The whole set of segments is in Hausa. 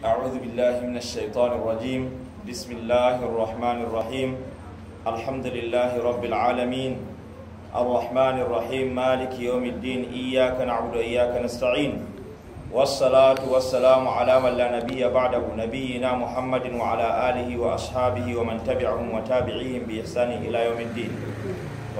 أعوذ بالله من الشيطان الرجيم بسم الله الرحمن الرحيم الحمد لله رب العالمين الرحمن الرحيم مالك يوم الدين إياك نعبد وإياك نستعين والصلاة والسلام على من لا نبي بعده نبينا محمد وعلى آله وأصحابه ومن تبعهم وتابعيهم بإحسان إلى يوم الدين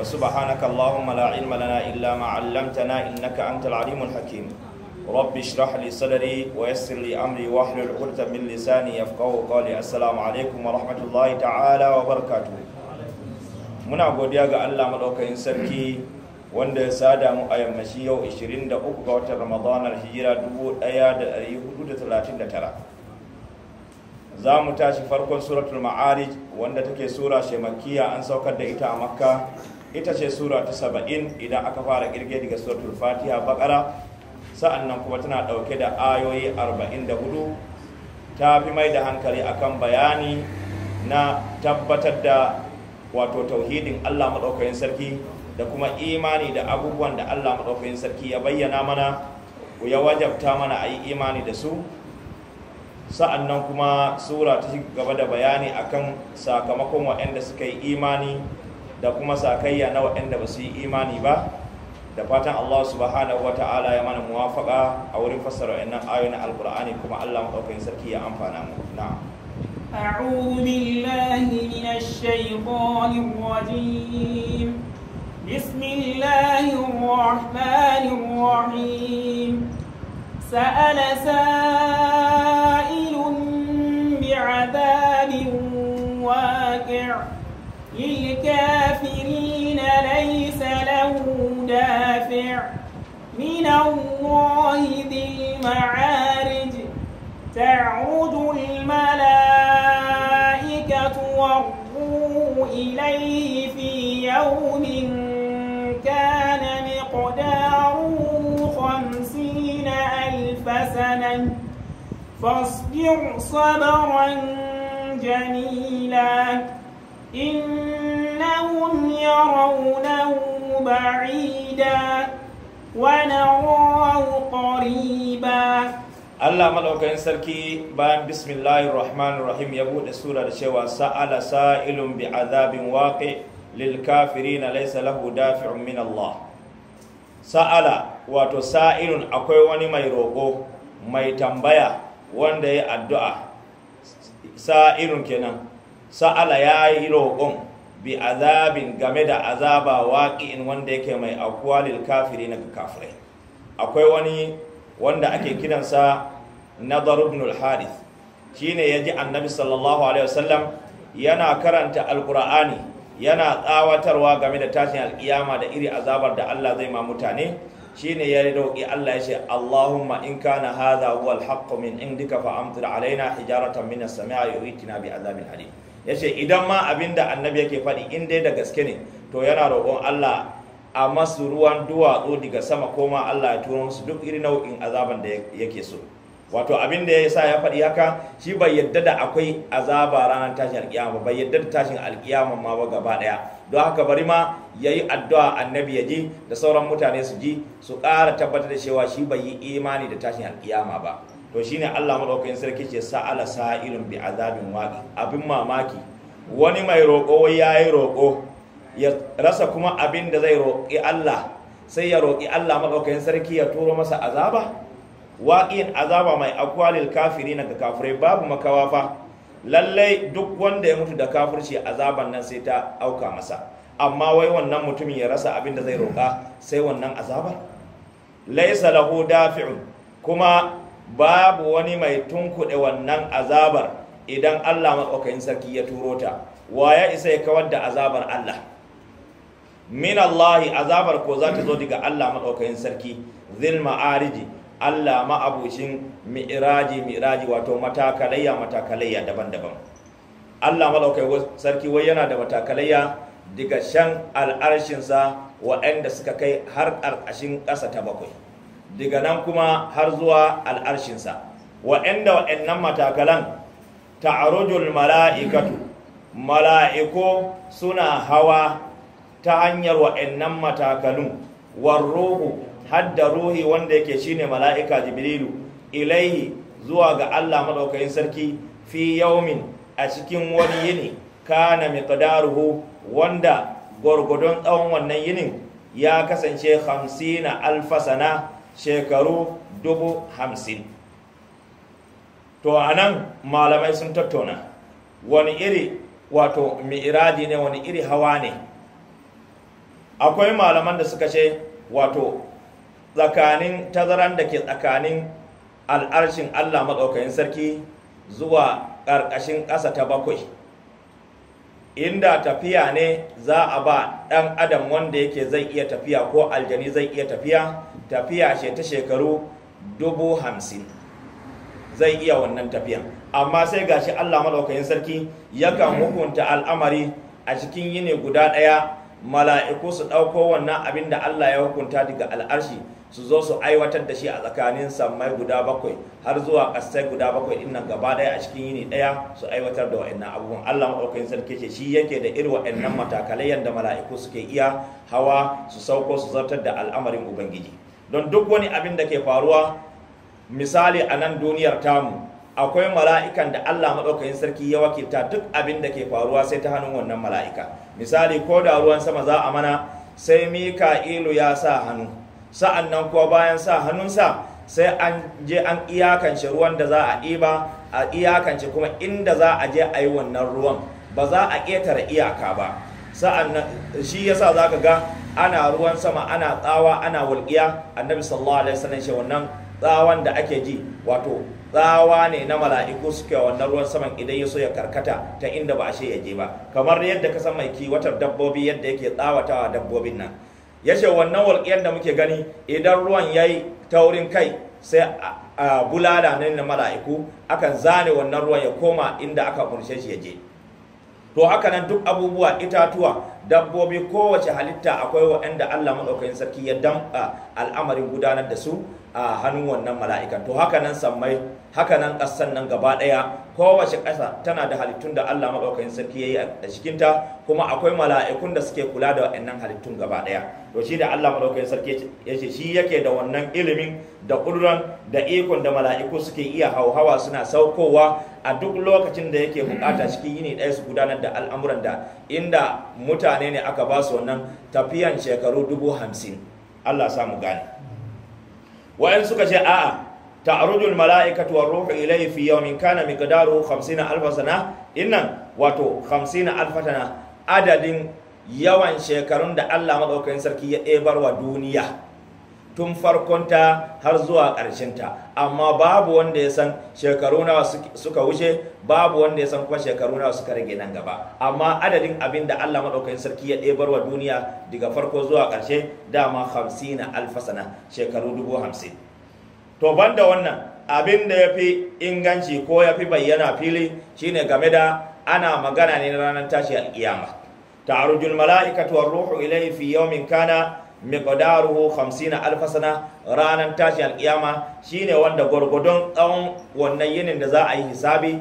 وسبحانك اللهم لا علم لنا إلا ما علمتنا إنك أنت العليم الحكيم رب اشرح لي صدري ويسر لي امري واحلل عقدة من لساني يفقهوا قولي السلام عليكم ورحمة الله تعالى وبركاته muna godiya ga Allah madaukakin sarki wanda ya sada mu a yammaci yau 23 ga watan Ramadan hijira 1439 za mu tashi farkon suratul ma'arij wanda take sura shemakiya an saukar da ita a makka ita ce sura ta 70 idan aka fara ƙirge daga suratul fatiha bakara sa'annan kuma tana ɗauke da ayoyi 44 ta fi mai da hankali akan bayani na tabbatar da wato tauhidin Allah maɗaukakin sarki da kuma imani da abubuwan da Allah maɗaukakin sarki ya bayyana mana ya wajabta mana a yi imani da su sa'annan kuma sura ta gaba da bayani akan sakamakon waɗanda suka yi imani da kuma sakayya na waɗanda ba su yi imani ba da fatan Allah subhanahu wa ta'ala ya mana muwafaka a wurin fassara wannan ayoyin alqur'ani kuma Allah madaukakin sarki ya amfana mu na'am أعوذ بالله من الشيطان الرجيم بسم الله الرحمن الرحيم سأل سائل بعذاب واقع للكافرين ليس له دافع من الله ذي المعارج تعرج الملائكة والروح إليه في يوم كان مقداره خمسين ألف سنة فاصبر صبرا جميلا إنهم يرونه بعيدا ونراه قريبا Allah madaukakin sarki bayan bismillahir rahmanir rahim ya buɗe sura da cewa sa'ala sa'ilun bi azabin waqi lil kafirin laysa lahu dafi'un min Allah sa'ala wato sa'ilun akwai wani mai roƙo, mai tambaya wanda ya addu'a sa'ilun kenan sa'ala ya yi roƙon bi azabin game da azaba waƙi'in wanda yake mai aukuwa kafiri na kafirai akwai wani wanda ake kiransa nadar ibn al-harith shine ya ji annabi sallallahu alaihi wasallam yana karanta alqur'ani yana tsawatarwa game da tashin alƙiyama da iri azabar da Allah zai ma mutane shine ya roƙi Allah ya ce Allahumma in kana hadha huwa al-haqqu min indika fa amtir alaina hijaratan min as-sama'i yu'tina bi azabin alim ya ce idan ma abin da annabi yake faɗi in dai da gaske ne to yana roƙon Allah a masu ruwan duwatsu daga sama koma Allah ya turo musu duk irin nau'in azaban da yake so wato abin da ya sa ya faɗi haka shi bai yadda da akwai azaba ranar tashin alkiyama bai yadda da tashin alkiyama ma ba gaba ɗaya don haka bari ma ya yi addu'a annabi ya ji da sauran mutane su ji su ƙara tabbatar da cewa shi bai yi imani da tashin alkiyama ba to shine Allah madaukakin sarki ce sa'ala sa'ilun bi azabin waqi abin mamaki wani mai roƙo wai yayi roƙo ya rasa kuma abin da zai roƙi Allah sai ya roki Allah madaukakin sarki ya turo masa azaba waqin azaba mai aqwalil kafirin ga kafirai babu makawa fa lallai duk wanda ya mutu da kafirci azaban nan sai ta auka masa amma wai wannan mutumin ya rasa abin da zai roƙa sai wannan azabar laysa lahu dafi'un kuma babu wani mai tunkuɗe wannan azabar idan Allah maɗaukakin sarki ya turo ta wa ya isa ya kawar da azabar Allah min Allah azabar ko za ta zo daga Allah maɗaukakin sarki zil ma'ariji Allah ma'abucin mi'iraji mi'iraji wato matakalayya matakalayya daban-daban Allah maɗaukakin sarki wai yana da matakalayya daga shan al'arshinsa waɗanda suka kai har ƙarƙashin ƙasa ta bakwai daga nan kuma har zuwa al'arshinsa Waɗanda wa'annan matakalan ta'arujul mala'ikatu mala'iko suna hawa ta hanyar wa'annan matakalun warruhu hadda ruhi wanda yake shine mala'ika jibrilu ilaihi zuwa ga Allah madaukakin sarki fi yaumin a cikin wani yini kana miqdaruhu wanda gwargwadon tsawon wannan yinin ya kasance hamsina alfasana shekaru dubu hamsin to a nan malamai sun tattauna wani iri wato mi'iradi ne wani iri hawa ne akwai malaman da suka ce wato tsakanin tazaran da ke tsakanin al'arshin allah maɗaukakin sarki zuwa ƙarƙashin ƙasa ta bakwai inda tafiya ne za a ba ɗan adam wanda yake zai iya tafiya ko aljani zai iya tafiya tafiya she ta shekaru dubu hamsin zai iya wannan tafiyan amma sai gashi allah maɗaukakin sarki yakan hukunta al'amari a cikin yini guda ɗaya mala'iku su ɗauko wannan abin da allah ya hukunta daga al'arshi su zo su aiwatar da shi a tsakanin sammai guda bakwai har zuwa kasai guda bakwai in nan gaba daya a cikin yini daya su aiwatar da wa'annan abubuwan Allah maɗaukakin sarki ce shi yake da irin wa'annan matakalai yadda mala'iku suke iya hawa su sauko su zartar da al'amarin ubangiji don duk wani abin da ke faruwa misali a nan duniyar tamu akwai mala'ikan da Allah maɗaukakin sarki ya wakilta duk abin da ke faruwa sai ta hannun wannan mala'ika misali ko da ruwan sama za a mana sai mika ilu ya sa hannu sa'an nan kuwa bayan sa hannunsa sai an je an iyakance ruwan da za a ɗiba a iyakance kuma inda za a je a yi wannan ruwan ba za a ƙetare iyaka ba sa'an nan shi yasa za ka ga ana ruwan sama ana tsawa ana walƙiya annabi sallallahu alaihi wasallam shi wannan tsawan da ake ji wato tsawa ne na mala'iku suke wannan ruwan saman idan ya so ya karkata ta inda ba a ya je ba kamar yadda ka san mai kiwatar dabbobi yadda yake tsawatawa dabbobin nan ya ce wannan walƙiyar da muke gani idan ruwan ya yi taurin kai sai a bulala ne na mala'iku akan zane wannan ruwan ya koma inda aka umarce shi ya je to haka nan duk abubuwa itatuwa dabbobi kowace halitta akwai waɗanda Allah maɗaukakin sarki ya damɓa al'amarin gudanar da su a hannun wannan mala'ikan to haka nan sammai haka nan ƙasan nan gaba ɗaya kowace ƙasa tana da halittun da Allah maɗaukakin sarki ya yi a cikinta kuma akwai mala'ikun da suke kula da waɗannan halittun gaba ɗaya to shi da Allah maɗaukakin sarki ya ce shi yake da wannan ilimin da ƙuduran da ikon da mala'iku suke iya hauhawa suna saukowa a duk lokacin da yake bukata cikin yini ɗaya su gudanar da al'amuran da inda mutane ne aka ba su wannan tafiyan shekaru dubu hamsin Allah samu gane wa'in suka ce a'a ta'ruju almala'ikatu war-ruhu ilayhi fi yawmin kana miqdaruhu 50 alf sana innan wato 50 alf sana adadin yawan shekarun da Allah madaukakin sarki ya ɗebarwa duniya tun farkonta har zuwa ƙarshenta amma babu wanda ya san shekaru nawa suka wuce babu wanda ya san kuma shekaru nawa suka rage nan gaba amma adadin abinda da Allah madaukakin sarki ya ɗebarwa duniya daga farko zuwa ƙarshe dama 50 alf sana shekaru dubu hamsin to banda wannan abin da ya fi inganci ko ya fi bayyana fili shine game da ana magana ne na ranar tashi alkiyama ta'arujul mala'ikatu war ruhu ilayhi fi yawmin kana miqdaruhu 50 alf sana ranar tashi alkiyama shine wanda gwargwadon tsawon wannan yinin da za a yi hisabi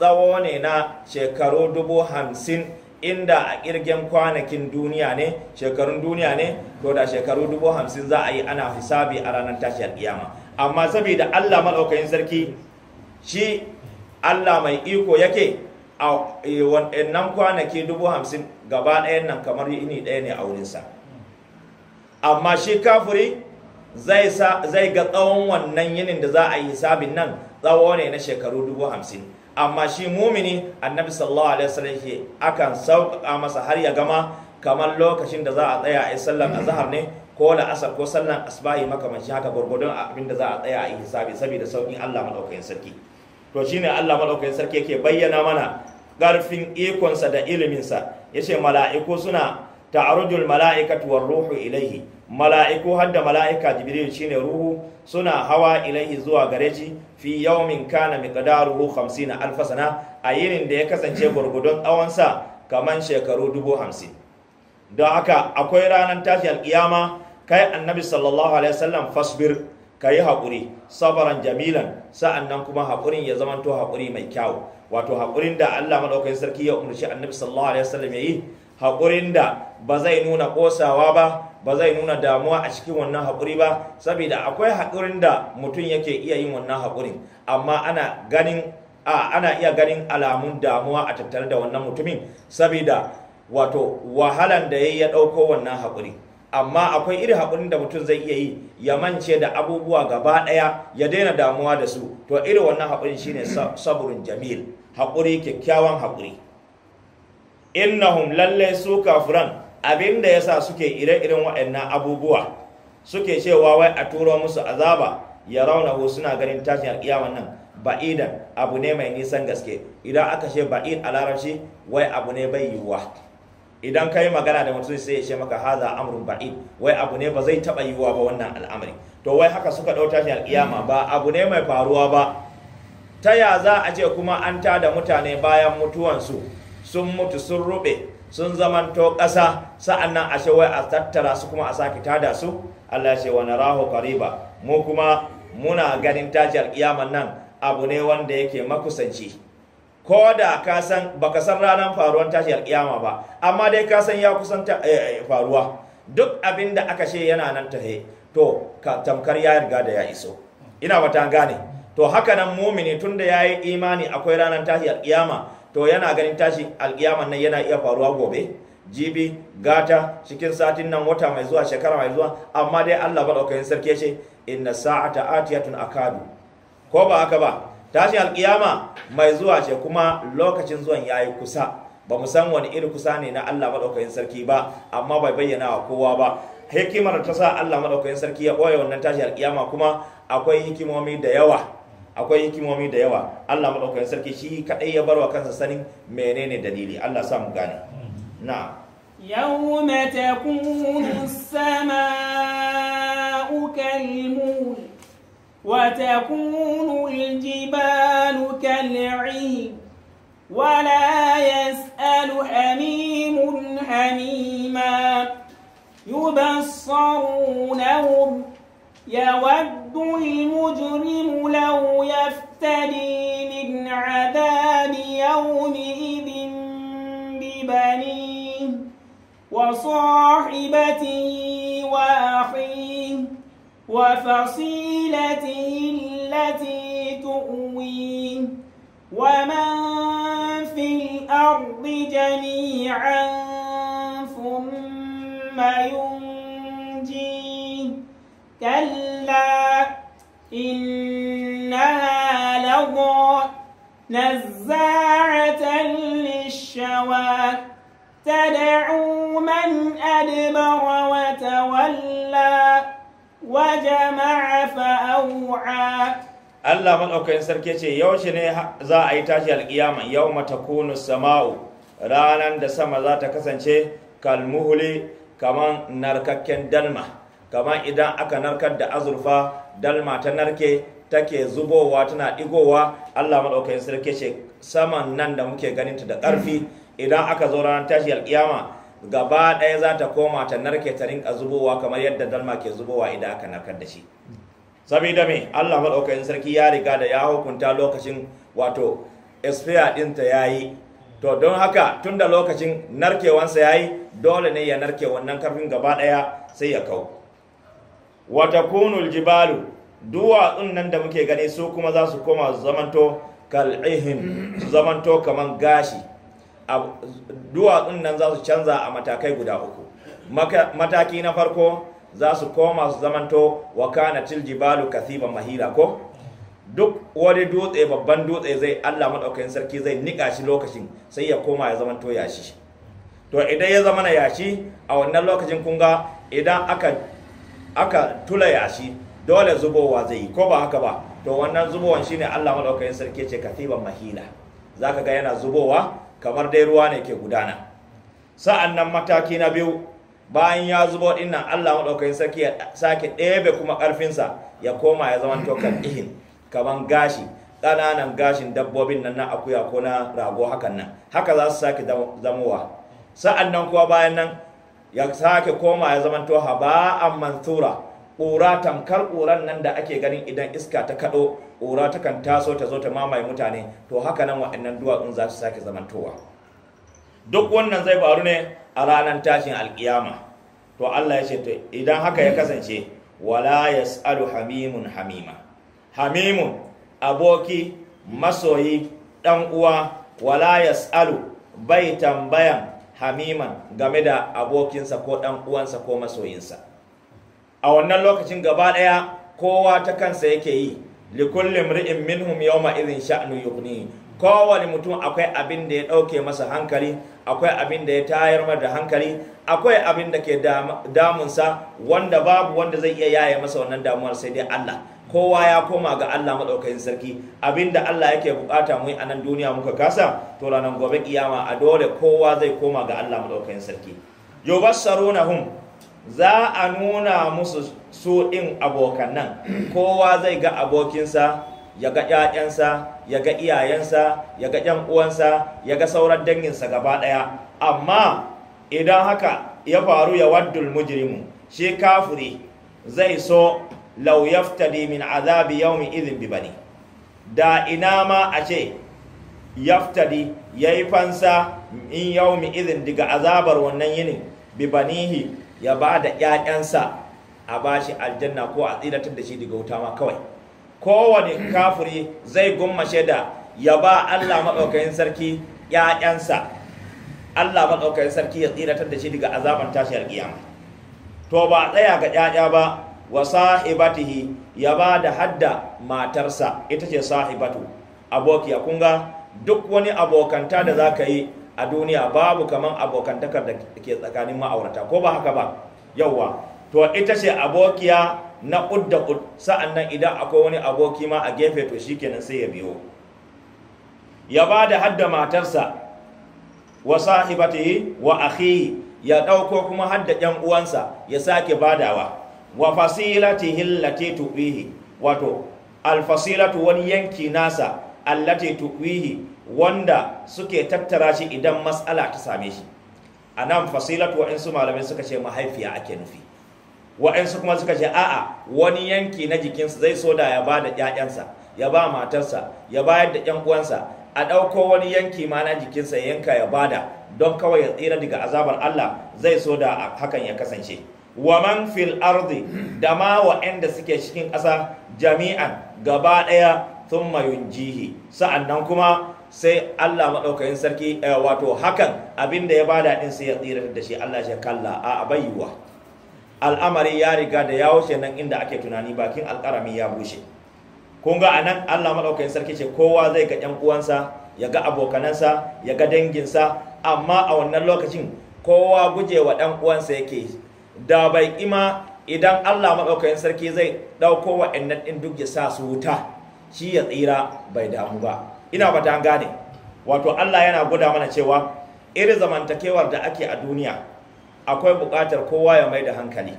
tsawo ne na shekaru dubu hamsin inda a kirgen kwanakin duniya ne shekarun duniya ne to da shekaru dubu hamsin za a yi ana hisabi a ranar tashi alkiyama amma saboda Allah madaukakin sarki shi Allah mai iko yake a e, wannan kwanaki dubu hamsin gaba ɗayan nan kamar ini ɗaya ne a wurinsa amma shi kafuri zai ga tsawon wannan yinin da za a yi sabin nan tsawo ne na shekaru dubu hamsin amma shi mumini annabi sallallahu alaihi wasallam akan sauƙaƙa masa har ya gama kamar lokacin da za a tsaya a sallan sallar azhar ne ko asar ko sallan asba'i makamanci haka gwargwadon abin da za a tsaya a yi hisabi saboda sauƙin Allah maɗaukakin sarki to ne Allah maɗaukakin sarki yake bayyana mana ƙarfin ikonsa da iliminsa ya ce mala'iku suna ta'arujul mala'ikatu war ruhu ilaihi mala'iku da mala'ika jibril shine ruhu suna hawa ilaihi zuwa gare shi fi yawmin kana miqdaruhu 50 alf sana a yinin da ya kasance gurgudun tsawonsa kaman shekaru dubu 50 don haka akwai ranar tashi alkiyama kai annabi sallallahu alaihi wasallam fasbir kayi haƙuri sabaran jamilan sa'annan kuma haƙurin ya to haƙuri mai kyau wato haƙurin da Allah madaukakin sarki ya umarci annabi sallallahu alaihi wasallam yayi haƙurin da ba zai nuna ƙosawa ba ba zai nuna damuwa a cikin wannan haƙuri ba saboda akwai haƙurin da mutum yake iya yin wannan haƙurin amma ana ganin a ana iya ganin alamun damuwa a tattare da wannan mutumin saboda wato wahalan da yayi ya ɗauko wannan haƙuri amma akwai irin haƙurin da mutum zai iya yi ya mance da abubuwa gaba ɗaya ya daina damuwa da su to irin wannan haƙurin shine saburin jamil haƙuri kyakkyawan haƙuri innahum lalle su kafuran abin da yasa suke ire-iren waɗannan abubuwa suke cewa wai a turo musu azaba ya rauna ko suna ganin tashin alƙiyaman nan ba'idan abu ne mai nisan gaske idan aka ce ba'id a larabci wai abu ne bai yiwuwa idan ka yi magana da mutum sai ya ce maka haza amrun ba'id wai abu ne ba zai taba yiwuwa ba wannan al'amari to wai haka suka ɗau tashin alƙiyama ba abu ne mai faruwa ba ta ya za a ce kuma an da mutane bayan mutuwansu sun mutu sun ruɓe? sun zamanto ƙasa nan ashe wai a tattara su kuma a sake tada su Allah ce wa narahu kariba mu kuma muna ganin tashin alƙiyaman nan abu ne wanda yake makusanci ko da ka san baka san ranar faruwar tashi alkiyama ba amma dai ka san ya kusan eh, eh, faruwa duk abin da aka ce yana nan tahe to ka tamkar ya riga da ya iso ina wata gane to haka nan mumini tunda yi imani akwai ranar tashi alkiyama to yana ganin tashi alkiyaman nan yana iya faruwa gobe jibi gata cikin satin nan wata mai zuwa shekara mai zuwa amma dai Allah ba daukakin sarki ce inna sa'ata atiyatun akadu ko ba haka ba tashin alkiyama mai zuwa ce kuma lokacin zuwan yayi kusa ba mu san wani iri kusa ne na Allah madaukakin sarki ba amma bai bayyana wa kowa ba hikimar ta sa Allah madaukakin sarki ya boye wannan tashin alkiyama kuma akwai hikimomi da yawa akwai hikimomi da yawa Allah madaukakin sarki shi kadai ya bar wa kansa sanin menene dalili Allah sa mu gane na'am yawma takunu as-samaa'u kal وتكون الجبال كالعين ولا يسأل حميم حميما يبصرونهم يود المجرم لو يفتدي من عذاب يومئذ ببنيه وصاحبته وأخيه وفصيلته التي تؤويه ومن في الأرض جميعا ثم ينجيه كلا إنها لظى نزاعة للشوى تدعو من أدبر وتولى وجمع فأوعى Allah maɗaukakin sarki ce yaushe ne za a yi tashi alƙiyama yau mata kunu sama'u ranar da sama za ta kasance kalmuhuli kamar narkakken dalma kaman idan aka narkar da azurfa dalma ta narke take zubowa tana ɗigowa Allah maɗaukakin sarki ce saman nan da muke ganinta da ƙarfi idan aka zo ranar tashi alƙiyama gaba ɗaya za ta koma ta narke ta rinka zubowa kamar yadda dalma ke zubowa idan aka narkar da shi saboda mai, Allah madaukakin sarki ya riga da ya hukunta lokacin wato expire ɗinta ya yi to don haka tun da lokacin narkewansa ya yi dole ne ya narke wannan karfin gaba ɗaya sai ya kau wata kunul jibalu duwatsun nan da muke gani su kuma za su koma zamanto kal'ihin zamanto kamar gashi duwatsun nan za su canza a matakai guda uku mataki na farko za su koma su zamanto wa kana Balu jibalu kathiban mahila ko duk wani dutse babban dutse zai Allah madaukakin sarki zai niƙa shi lokacin sai ya koma ya zamanto yashi to idan ya zama na yashi a wannan lokacin kunga idan aka aka tula yashi dole zubowa zai yi ko ba haka ba to wannan zubowan shine Allah madaukakin sarki ce kathiban mahila Za ka ga yana zubowa kamar dai ruwa ne ke gudana sa'an nan mataki na biyu bayan ya zubo din nan Allah maɗaukai sarki ya sake ɗebe kuma ƙarfinsa ya koma ya zama tokan ihin kamar gashi ƙananan gashin dabbobin nan na akuya ko na rago hakan nan haka za su sake zamowa sa'an nan kuwa bayan nan ya sake koma ya zama to a mansura ƙura tamkar ƙuran nan da ake ganin idan iska ta kaɗo ƙura takan taso ta zo ta mamaye mutane to haka nan waɗannan duwatsun za su sake zamantowa duk wannan zai faru ne a ranar tashin alƙiyama to Allah ya ce to idan haka ya kasance wala yas'alu hamimun hamima hamimun aboki masoyi dan uwa wala yas'alu bai tambayan hamiman game da abokinsa ko dan uwansa ko masoyinsa a wannan lokacin gaba ɗaya kowa ta kansa yake yi likullin ri'in minhum yawma irin sha'nu yughni kowane mutum akwai abin da ya ɗauke masa hankali akwai abin da ya tayar da hankali akwai abin da ke damunsa wanda babu wanda zai iya yaye masa wannan damuwar sai dai Allah kowa ya koma ga Allah maɗaukakin sarki abin da Allah yake bukata mu a nan duniya muka kasa to ranar gobe kiyama a dole kowa zai koma ga Allah maɗaukakin sarki yubassarunahum za a nuna musu su ɗin abokan nan kowa zai ga abokinsa ya ga ‘ya'yansa ya ga iyayensa ya ga ‘yan uwansa ya ga sauran danginsa gaba ɗaya amma idan haka ya faru ya waddul mujirimu, shi kafiri zai so lau yaftadi min azabi yawmin idhin bi bani da ina ma a ce yaftadi yayi fansa in yawmi idhin daga azabar wannan yinin bi banihi ya ba da ‘ya'yansa a ba shi aljanna ko a tsiratar da shi daga wuta ma kawai kowane kafiri zai gummashe da ya ba Allah maɗaukakin sarki ‘ya'yansa Allah maɗaukakin sarki ya tsiratar da shi daga azaban tashi alƙiyama to ba tsaya ga ‘ya'ya ba wa sahibatihi ya ba da hadda matarsa ita ce sahibatu abokiya kunga duk wani abokanta da za ka yi a duniya babu kamar abokantakar da ke tsakanin ma'aurata ko ba haka ba yauwa to ita ce abokiya na ud ud sa'annan idan akwai wani aboki ma a gefe to shikenan sai ya biyo ya ba da hadda matarsa wa sahibatihi wa akhihi ya dauko kuma hadda yan uwansa ya sake badawa wa fasilatihi allati tuwihi wato al-fasilatu wani yanki nasa allati tuwihi wanda suke tattara shi idan matsala ta same shi a nan fasilat wa'insu malamai suka ce mahaifiya ake nufi wa'insu kuma suka ce a'a wani yanki na jikinsa zai so da ya ba da 'ya'yansa ya ba matarsa ya bayar da 'yan uwansa a ɗauko wani yanki ma na jikinsa ya yanka ya bada don kawai ya tsira daga azabar Allah zai so da hakan ya kasance wa man fil ardi da ma wa'anda suke cikin ƙasa jami'an gaba ɗaya thumma yunjihi sa'annan kuma sai Allah maɗaukakin sarki eh, wato hakan abin da ya bada ɗin sai ya tsira da shi Allah ya kalla a abayuwa al'amari ya riga da ya wuce nan inda ake tunani bakin alƙarami ya bushe kun ga anan Allah maɗaukakin sarki ce kowa zai ga ƴan uwansa ya ga abokanansa ya ga danginsa amma a wannan lokacin kowa guje wa ɗan uwansa yake da bai ima idan Allah maɗaukakin sarki zai ɗauko wa'annan ɗin duk ya sa su wuta shi ya tsira bai damu ba ina ba ta gane wato Allah yana guda mana cewa iri zamantakewar da ake a duniya akwai bukatar kowa ya mai da hankali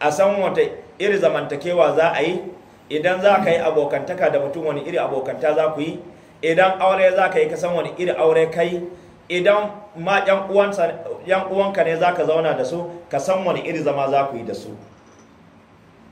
a san wata irin zamantakewa za a yi idan za ka yi abokantaka da mutum wani iri abokanta za ku yi idan aure za ka yi ka san wani iri aure kai idan ma yan uwanka ne za ka zauna da su ka san wani iri zama za ku yi da su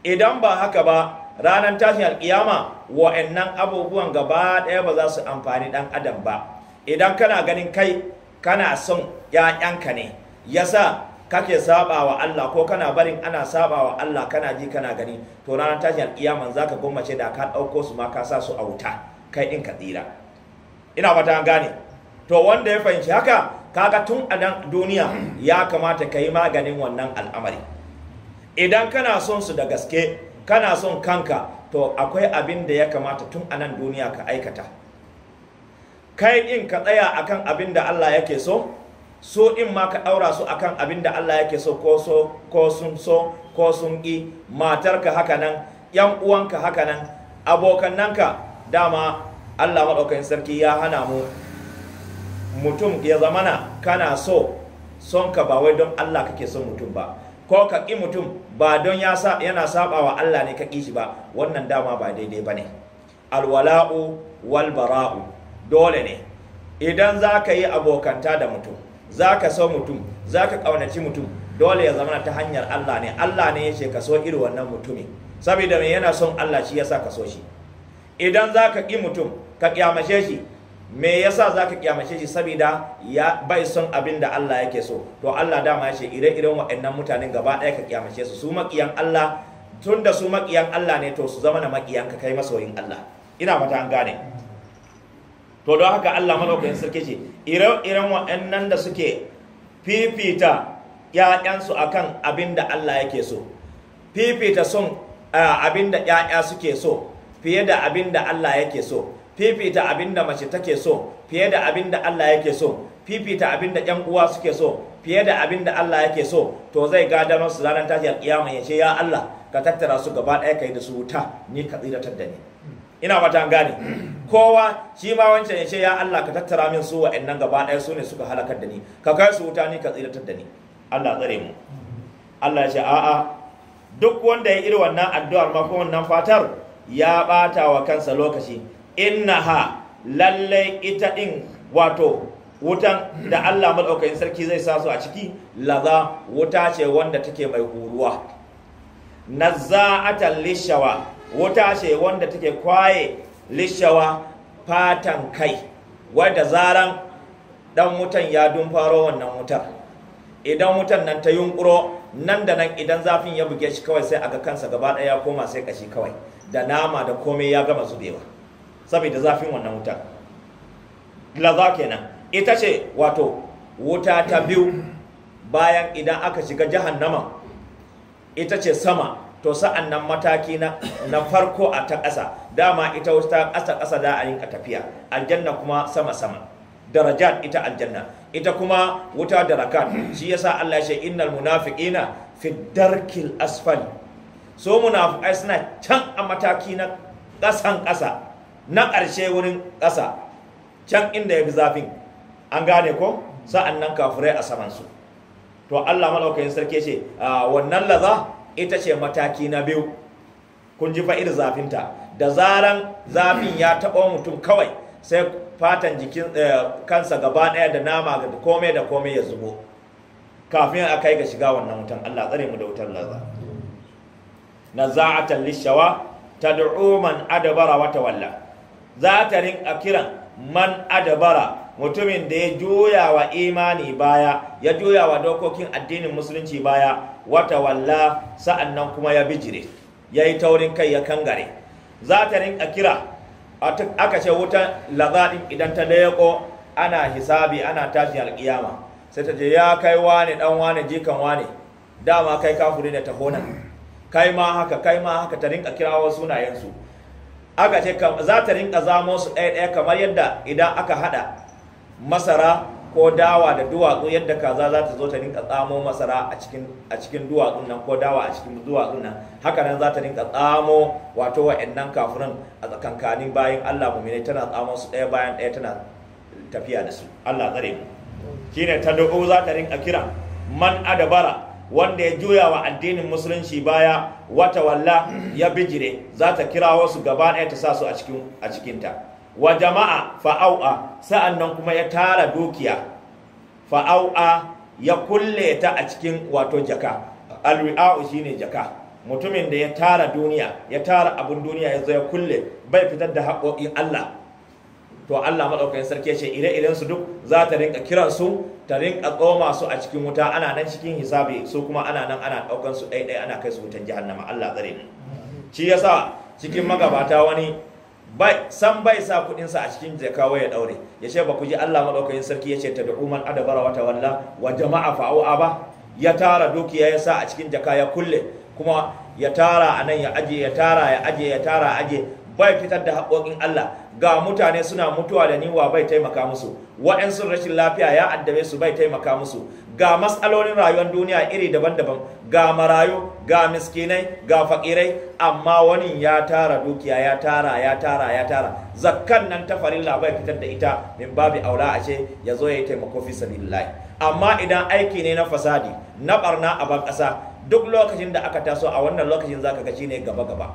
idan ba haka ba ranar tashin alkiyama nan abubuwan gaba ɗaya ba za su amfani ɗan adam ba idan kana ganin kai kana son ‘ya'yanka ne yasa kake saba wa Allah ko kana barin ana saba wa Allah kana ji kana gani to ranar tashin alkiyama za ka gwammace da ka ɗauko su ma ka sa su a wuta kai ɗin ka tsira ina fata gane to wanda ya fahimci haka kaga tun a duniya ya kamata ka yi maganin wannan al'amari idan kana son su da gaske kana son kanka to akwai abin da ya kamata tun a nan duniya ka aikata kai in ka tsaya akan abin da Allah yake so so in ma ka ɗaura su akan abin da Allah yake so ko so ko sun so ko sun ƙi matarka haka nan yan uwanka haka nan abokannanka dama Allah maɗaukakin sarki ya hana mu mutum ya zamana kana so son ka ba wai don Allah kake son mutum ba ko ka ƙi mutum ba don ya sa yana saba wa Allah ne ka ƙi shi ba wannan dama ba daidai ba bane alwala'u wal bara'u dole ne idan za ka yi abokanta da mutum za ka so mutum za ka ƙaunaci mutum dole ya zama ta hanyar Allah ne Allah ne ya ce ka so iri wannan mutumin saboda mai yana son Allah shi yasa ka so shi idan za ka ƙi mutum ka ƙyamace shi me yasa zaka kyamace shi saboda ya bai son abin da Allah yake so to Allah dama ya ce ire-iren waɗannan mutanen gaba ɗaya ka kyamace su su makiyan Allah tun da su makiyan Allah ne to su zama na makiyan ka kai masoyin Allah ina fata an gane to don haka Allah madaukakin sarki ce ire-iren waɗannan da suke fifita ‘ya'yansu akan abin da Allah yake so fifita son eh, abin da ‘ya'ya suke so fiye da abin da Allah yake so fifita abinda mace take so fiye da abinda Allah yake so fifita abinda ƴan uwa suke so fiye da abinda Allah yake so to zai gadamar su ranar tashi alƙiyama ya ce ya Allah ka tattara su gaba ɗaya kai da su wuta ni ka tsiratar da ni ina mata gane kowa shi ma wancan ya ce ya Allah ka tattara min su wa'annan gaba ɗaya su ne suka halakar da ni ka kai su wuta ni ka tsiratar da ni Allah tsare mu Allah ya ce a'a duk wanda ya iri wannan addu'ar ma ko wannan fatar ya ɓata wa kansa lokaci inna ha lallai ita ɗin wato wutan da Allah madaukakin sarki zai sa su a ciki laza wuta ce wanda take mai huruwa nazza'atan lishawa wuta ce wanda take kwaye lishawa fatan kai wadda zaran dan wutan ya dumfaro wannan wutar idan wutan nan ta yunkuro nan da nan idan zafin ya buge shi kawai sai aga kansa gaba ɗaya ya koma sai kashi kawai da nama da komai ya gama zubewa saboda zafin wannan wutar Laza kenan ita ce wato wuta ta biyu bayan idan aka shiga jahannama ita ce sama to sa'an nan mataki na farko a ta ƙasa dama ita wuta ƙasa ƙasa da a a tafiya aljanna kuma sama sama darajat ita aljanna ita kuma wuta da darakat shi yasa Allah ya ce innal munafiqina fi darkil asfali so munafiqai suna can a mataki na ƙasan ƙasa na ƙarshe wurin ƙasa can inda ya fi zafin an gane ko sa'an nan kafirai a samansu to Allah malaukai sarki ce wannan laza ita ce mataki na biyu kun ji fa'ir zafinta da zaran zafin ya taɓa mutum kawai sai fatan jikin eh, kansa gaba ɗaya da nama da komai da komai ya zubo kafin a kai ga shiga wannan wutan Allah tsare mu da wutar laza na za'atan lishawa tad'u man adabara wa wallah za ta rinka kiran man adabara mutumin da ya juya wa imani baya ya juya wa dokokin addinin musulunci baya wata walla sa'annan kuma ya bijire ya yi taurin kai ya kangare za ta rinka kira aka ce wutan lazaɗin idan ta leƙo ana hisabi ana tashi alƙiyama sai ta je ya kai wane ɗan wane jikan wane dama kai kafuri da tahona kai ma haka kai ma haka ta rinka kirawo sunayensu aka ce za ta rinka zamo su ɗaya ɗaya kamar yadda idan aka haɗa masara ko dawa da duwatsu yadda kaza za ta zo ta rinka tsamo masara a cikin a duwatsun nan ko dawa a cikin duwatsun nan haka nan za ta rinka tsamo wato wa'annan kafirin a tsakankanin bayan Allah mu mu'mine tana tsamo su ɗaya bayan ɗaya tana tafiya da su Allah tsare mu shine ta da'u za ta rinka kira man adabara wanda ya juya wa addinin musulunci baya wata walla ya bijire za ta kira wasu gaba ɗaya ta sa su a cikinta wa jama'a fa'au'a sa'an nan kuma ya tara dukiya fa'au'a ya kulle ta a cikin wato jaka alwi'a'u ne jaka mutumin da ya tara duniya ya tara abin duniya ya zo ya kulle bai fitar da haƙoƙin Allah to Allah maɗaukakin sarki ya ce ire irensu duk za ta rinka kiransu ta rinka tsoma su a cikin wuta ana nan cikin hisabi su kuma ana nan ana daukan su ɗaiɗai ana kai su wutan jahannama Allah tsare mu shi yasa cikin magabata wani bai san bai sa kudin sa a cikin jaka ya daure ya ce ba ku ji Allah madaukakin sarki ya ce ta da umar adabara wata tawalla wa jama'a fa'u'a ba ya tara dukiya ya sa a cikin jaka ya kulle kuma ya tara anan ya aje ya tara ya aje ya tara aje bai fitar da haƙoƙin Allah ga mutane suna mutuwa da niwa bai taimaka musu waɗansu rashin lafiya ya addabe su bai taimaka musu ga matsalolin rayuwar duniya iri daban-daban ga marayu ga miskinai ga faƙirai. amma wani ya tara dukiya ya tara ya tara ya tara zakkan nan ta farilla bai fitar da ita min babi aula a ce ya zo ya yi taimako fi sabilillahi amma idan aiki ne na fasadi na barna a ban ƙasa duk lokacin da aka taso a wannan lokacin zaka ga shine gaba gaba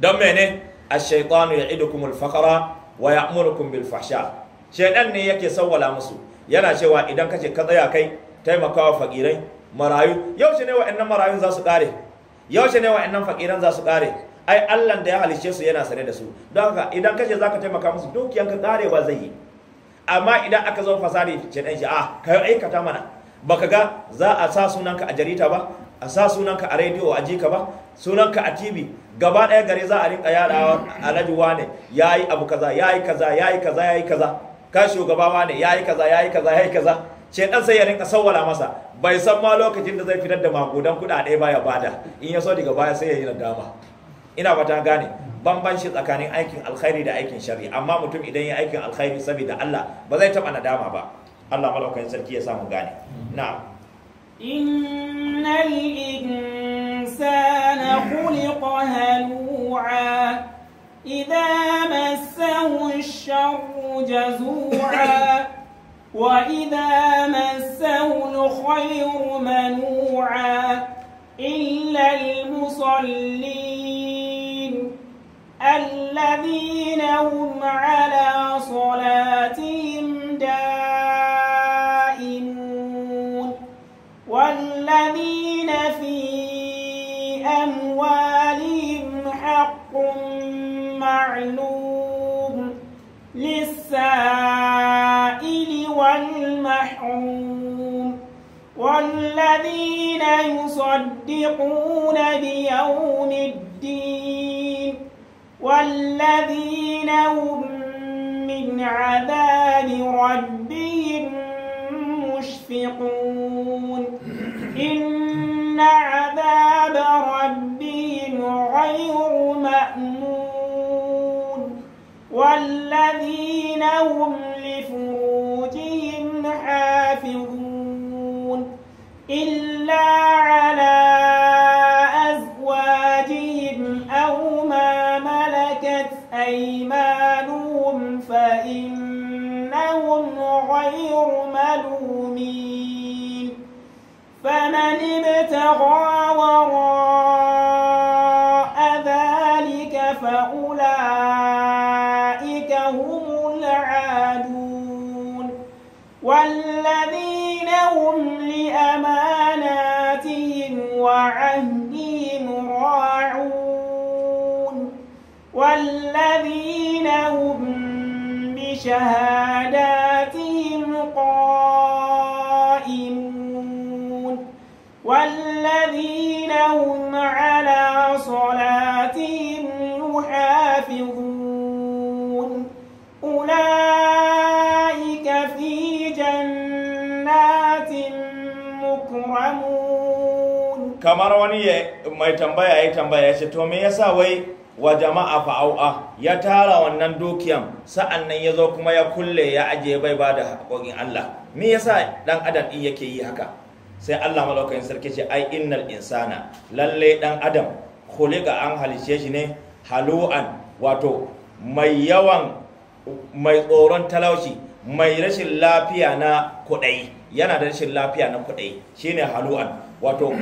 don mene ya idu kuma alfakara wa ya ya'murukum bil fahsha Shaidan ne yake sawwala musu yana cewa idan kace ka tsaya kai taimakawa fakirai marayu yaushe ne wa wa'annan marayun za su kare yaushe ne wa wa'annan fakiran za su kare ai Allah da ya halice su yana sane da su don haka idan kace zaka taimaka musu dukiyan ka karewa zai yi amma idan aka zo fasari shaidan shi ah kai aikata mana baka ga za a sa sunanka a jarida ba a sa sunanka a rediyo a jika ba sunanka a tv gaba ɗaya gare za a rinka yadawa alhaji wane yayi abu kaza yayi kaza yayi kaza yayi kaza ka shugaba wane yayi kaza yayi kaza yayi kaza shedan sai ya rinka sawwala masa bai san ma lokacin da zai fitar da magudan kuɗaɗe ba ya bada in ya so daga baya sai ya yi nadama ina fata gane bambanci tsakanin aikin alkhairi da aikin shari amma mutum idan ya aikin alkhairi saboda Allah ba zai taba nadama ba Allah malaukan sarki ya samu gane na'am إن الإنسان خلق هلوعا إذا مسه الشر جزوعا وإذا مسه الخير منوعا إلا المصلين الذين هم على صلاتهم دائما الذين في أموالهم حق معلوم للسائل والمحروم والذين يصدقون بيوم الدين والذين هم من عذاب ربهم مشفقون إن عذاب ربي غير مأمون والذين هم لفروجهم حافظون إلا على أزواجهم أو ما ملكت أيمانهم فإنهم غير ملومين فمن ابتغى وراء ذلك فأولئك هم العادون والذين هم لأماناتهم وعهدهم راعون والذين هم بشهادات لهم على صلاتهم يحافظون أولئك في جنات مكرمون kamar wani mai tambaya ya tambaya shi to me yasa wai wa jama'a fa'au'a ya tara wannan dukiyan sa'an nan ya zo kuma ya kulle ya ajiye bai ba da haƙoƙin Allah me yasa ɗan adam ɗin yake yi haka sai Allah malaukakin sarki ce ai innal insana lalle dan adam khuliqa an halice shi ne halu'an wato mai yawan mai tsoron talauci mai rashin lafiya na kudai yana da rashin lafiya na kudai shine halu'an wato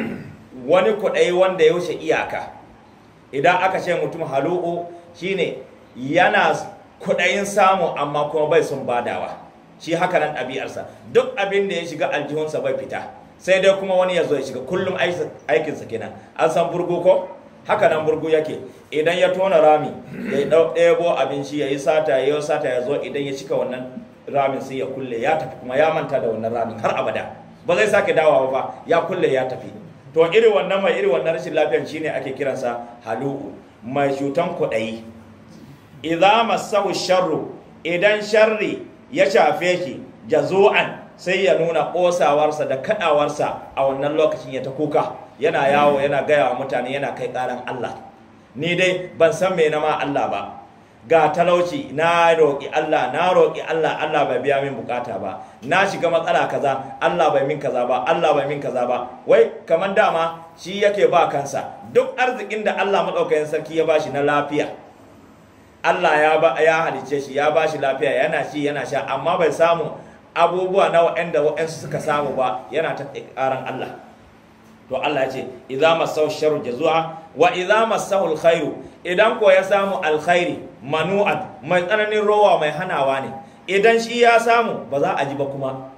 wani kudai wanda ya wuce iyaka idan aka ce mutum halu'u shine yana kudayin samu amma kuma bai sun badawa shi hakanan nan ɗabi'arsa duk abin da ya shiga aljihunsa bai fita sai dai kuma wani ya zo ya shiga kullum aikinsa kenan an san burgu ko haka nan burgu yake idan ya tona rami ya dau ɗebo abinci ya yi sata ya yi sata ya zo idan ya cika wannan ramin sai ya kulle ya tafi kuma ya manta da wannan ramin har abada ba zai sake dawowa ba ya kulle ya tafi to irin wannan mai irin wannan rashin lafiyan shine ake kiransa halu'u mai cutan kuɗayi idan masahu sharru idan sharri ya shafe ki jazu'an sai ya nuna ƙosawarsa da kaɗawarsa a wannan lokacin ya ta kuka yana yawo yana gaya wa mutane yana kai ƙaran Allah ni dai ban san me na ma Allah ba ga talauci na roƙi Allah na roƙi Allah Allah bai biya min bukata ba na shiga matsala kaza Allah bai min kaza ba Allah bai min kaza ba wai kaman dama shi yake ba kansa duk arzikin da Allah madaukakin sarki ya bashi na lafiya Allah ya ba ya halice shi ya bashi lafiya yana shi yana sha amma bai samu abubuwa na waanda wa'ansu suka samu ba yana ta ƙaran Allah to Allah ya ce idza masau sharru jazua wa idza masau alkhairu idan ko ya samu alkhairi manu'at mai tsananin rowa mai hanawa ne idan shi ya samu ba za a ji ba kuma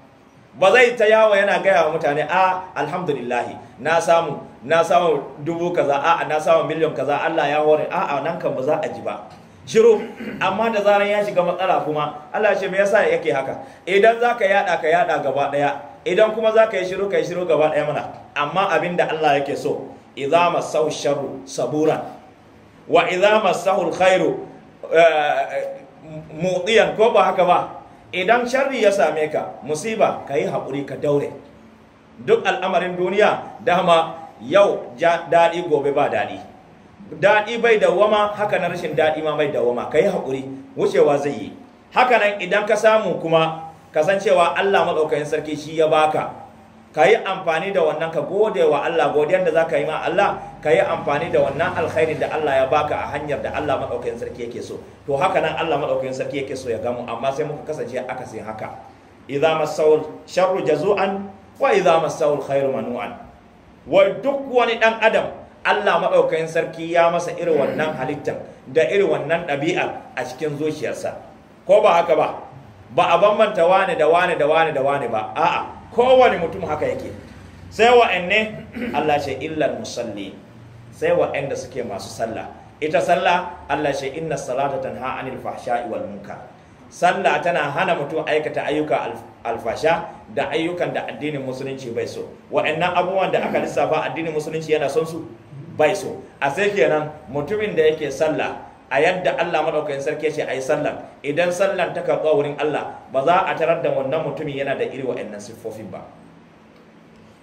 ba zai ta yawo yana gaya wa mutane a alhamdulillah na samu na samu dubu kaza a na samu miliyan kaza Allah ya hore a a nan kan ba za a ji ba shiru amma da zaran ya shiga matsala kuma Allah shi me yasa yake haka idan zaka yada ka yada gaba daya idan kuma zaka yi shiru kai shiru gaba daya mana amma abin da Allah yake so idza sau sharru sabura wa idza massahu alkhairu eh, mudiyan ko ba haka ba idan sharri ya same ka musiba ka yi haƙuri ka daure duk al'amarin duniya dama yau ja daɗi gobe ba daɗi daɗi bai dawwama haka na rashin daɗi ma bai Ka yi haƙuri wucewa zai yi Hakanan idan ka samu kuma kasancewa Allah maɗaukakin sarki shi ya baka ka yi amfani da wannan ka gode wa Allah godiyar da za ka yi ma Allah ka yi amfani da wannan alkhairin da Allah ya baka a hanyar da Allah maɗaukakin sarki yake so to hakanan nan Allah maɗaukakin sarki yake so ya gamu amma sai muka kasance akasin haka idza masawul sharru jazu'an wa idza masawul khairu manu'an wa duk wani dan adam Allah maɗaukakin sarki ya masa irin wannan halittar da irin wannan ɗabi'ar a cikin zuciyarsa ko ba haka ba ba a bambanta wane da wane da wane da wane ba a'a kowane mutum haka yake sai wa'anne Allah ce illar musalli sai wa'anda suke masu sallah ita sallah Allah ce inna salata tanha anil fahsha'i wal munkar sallah tana hana mutum aikata ayyuka alfasha da ayyukan da addinin musulunci bai so wa'annan abubuwan da aka lissafa addinin musulunci yana son su bai so a sai kenan mutumin da yake salla a yadda Allah madaukakin sarki ce ai sallan idan sallan ta karɓa wurin Allah ba za a tarar da wannan mutumin yana da iri wa'annan siffofin ba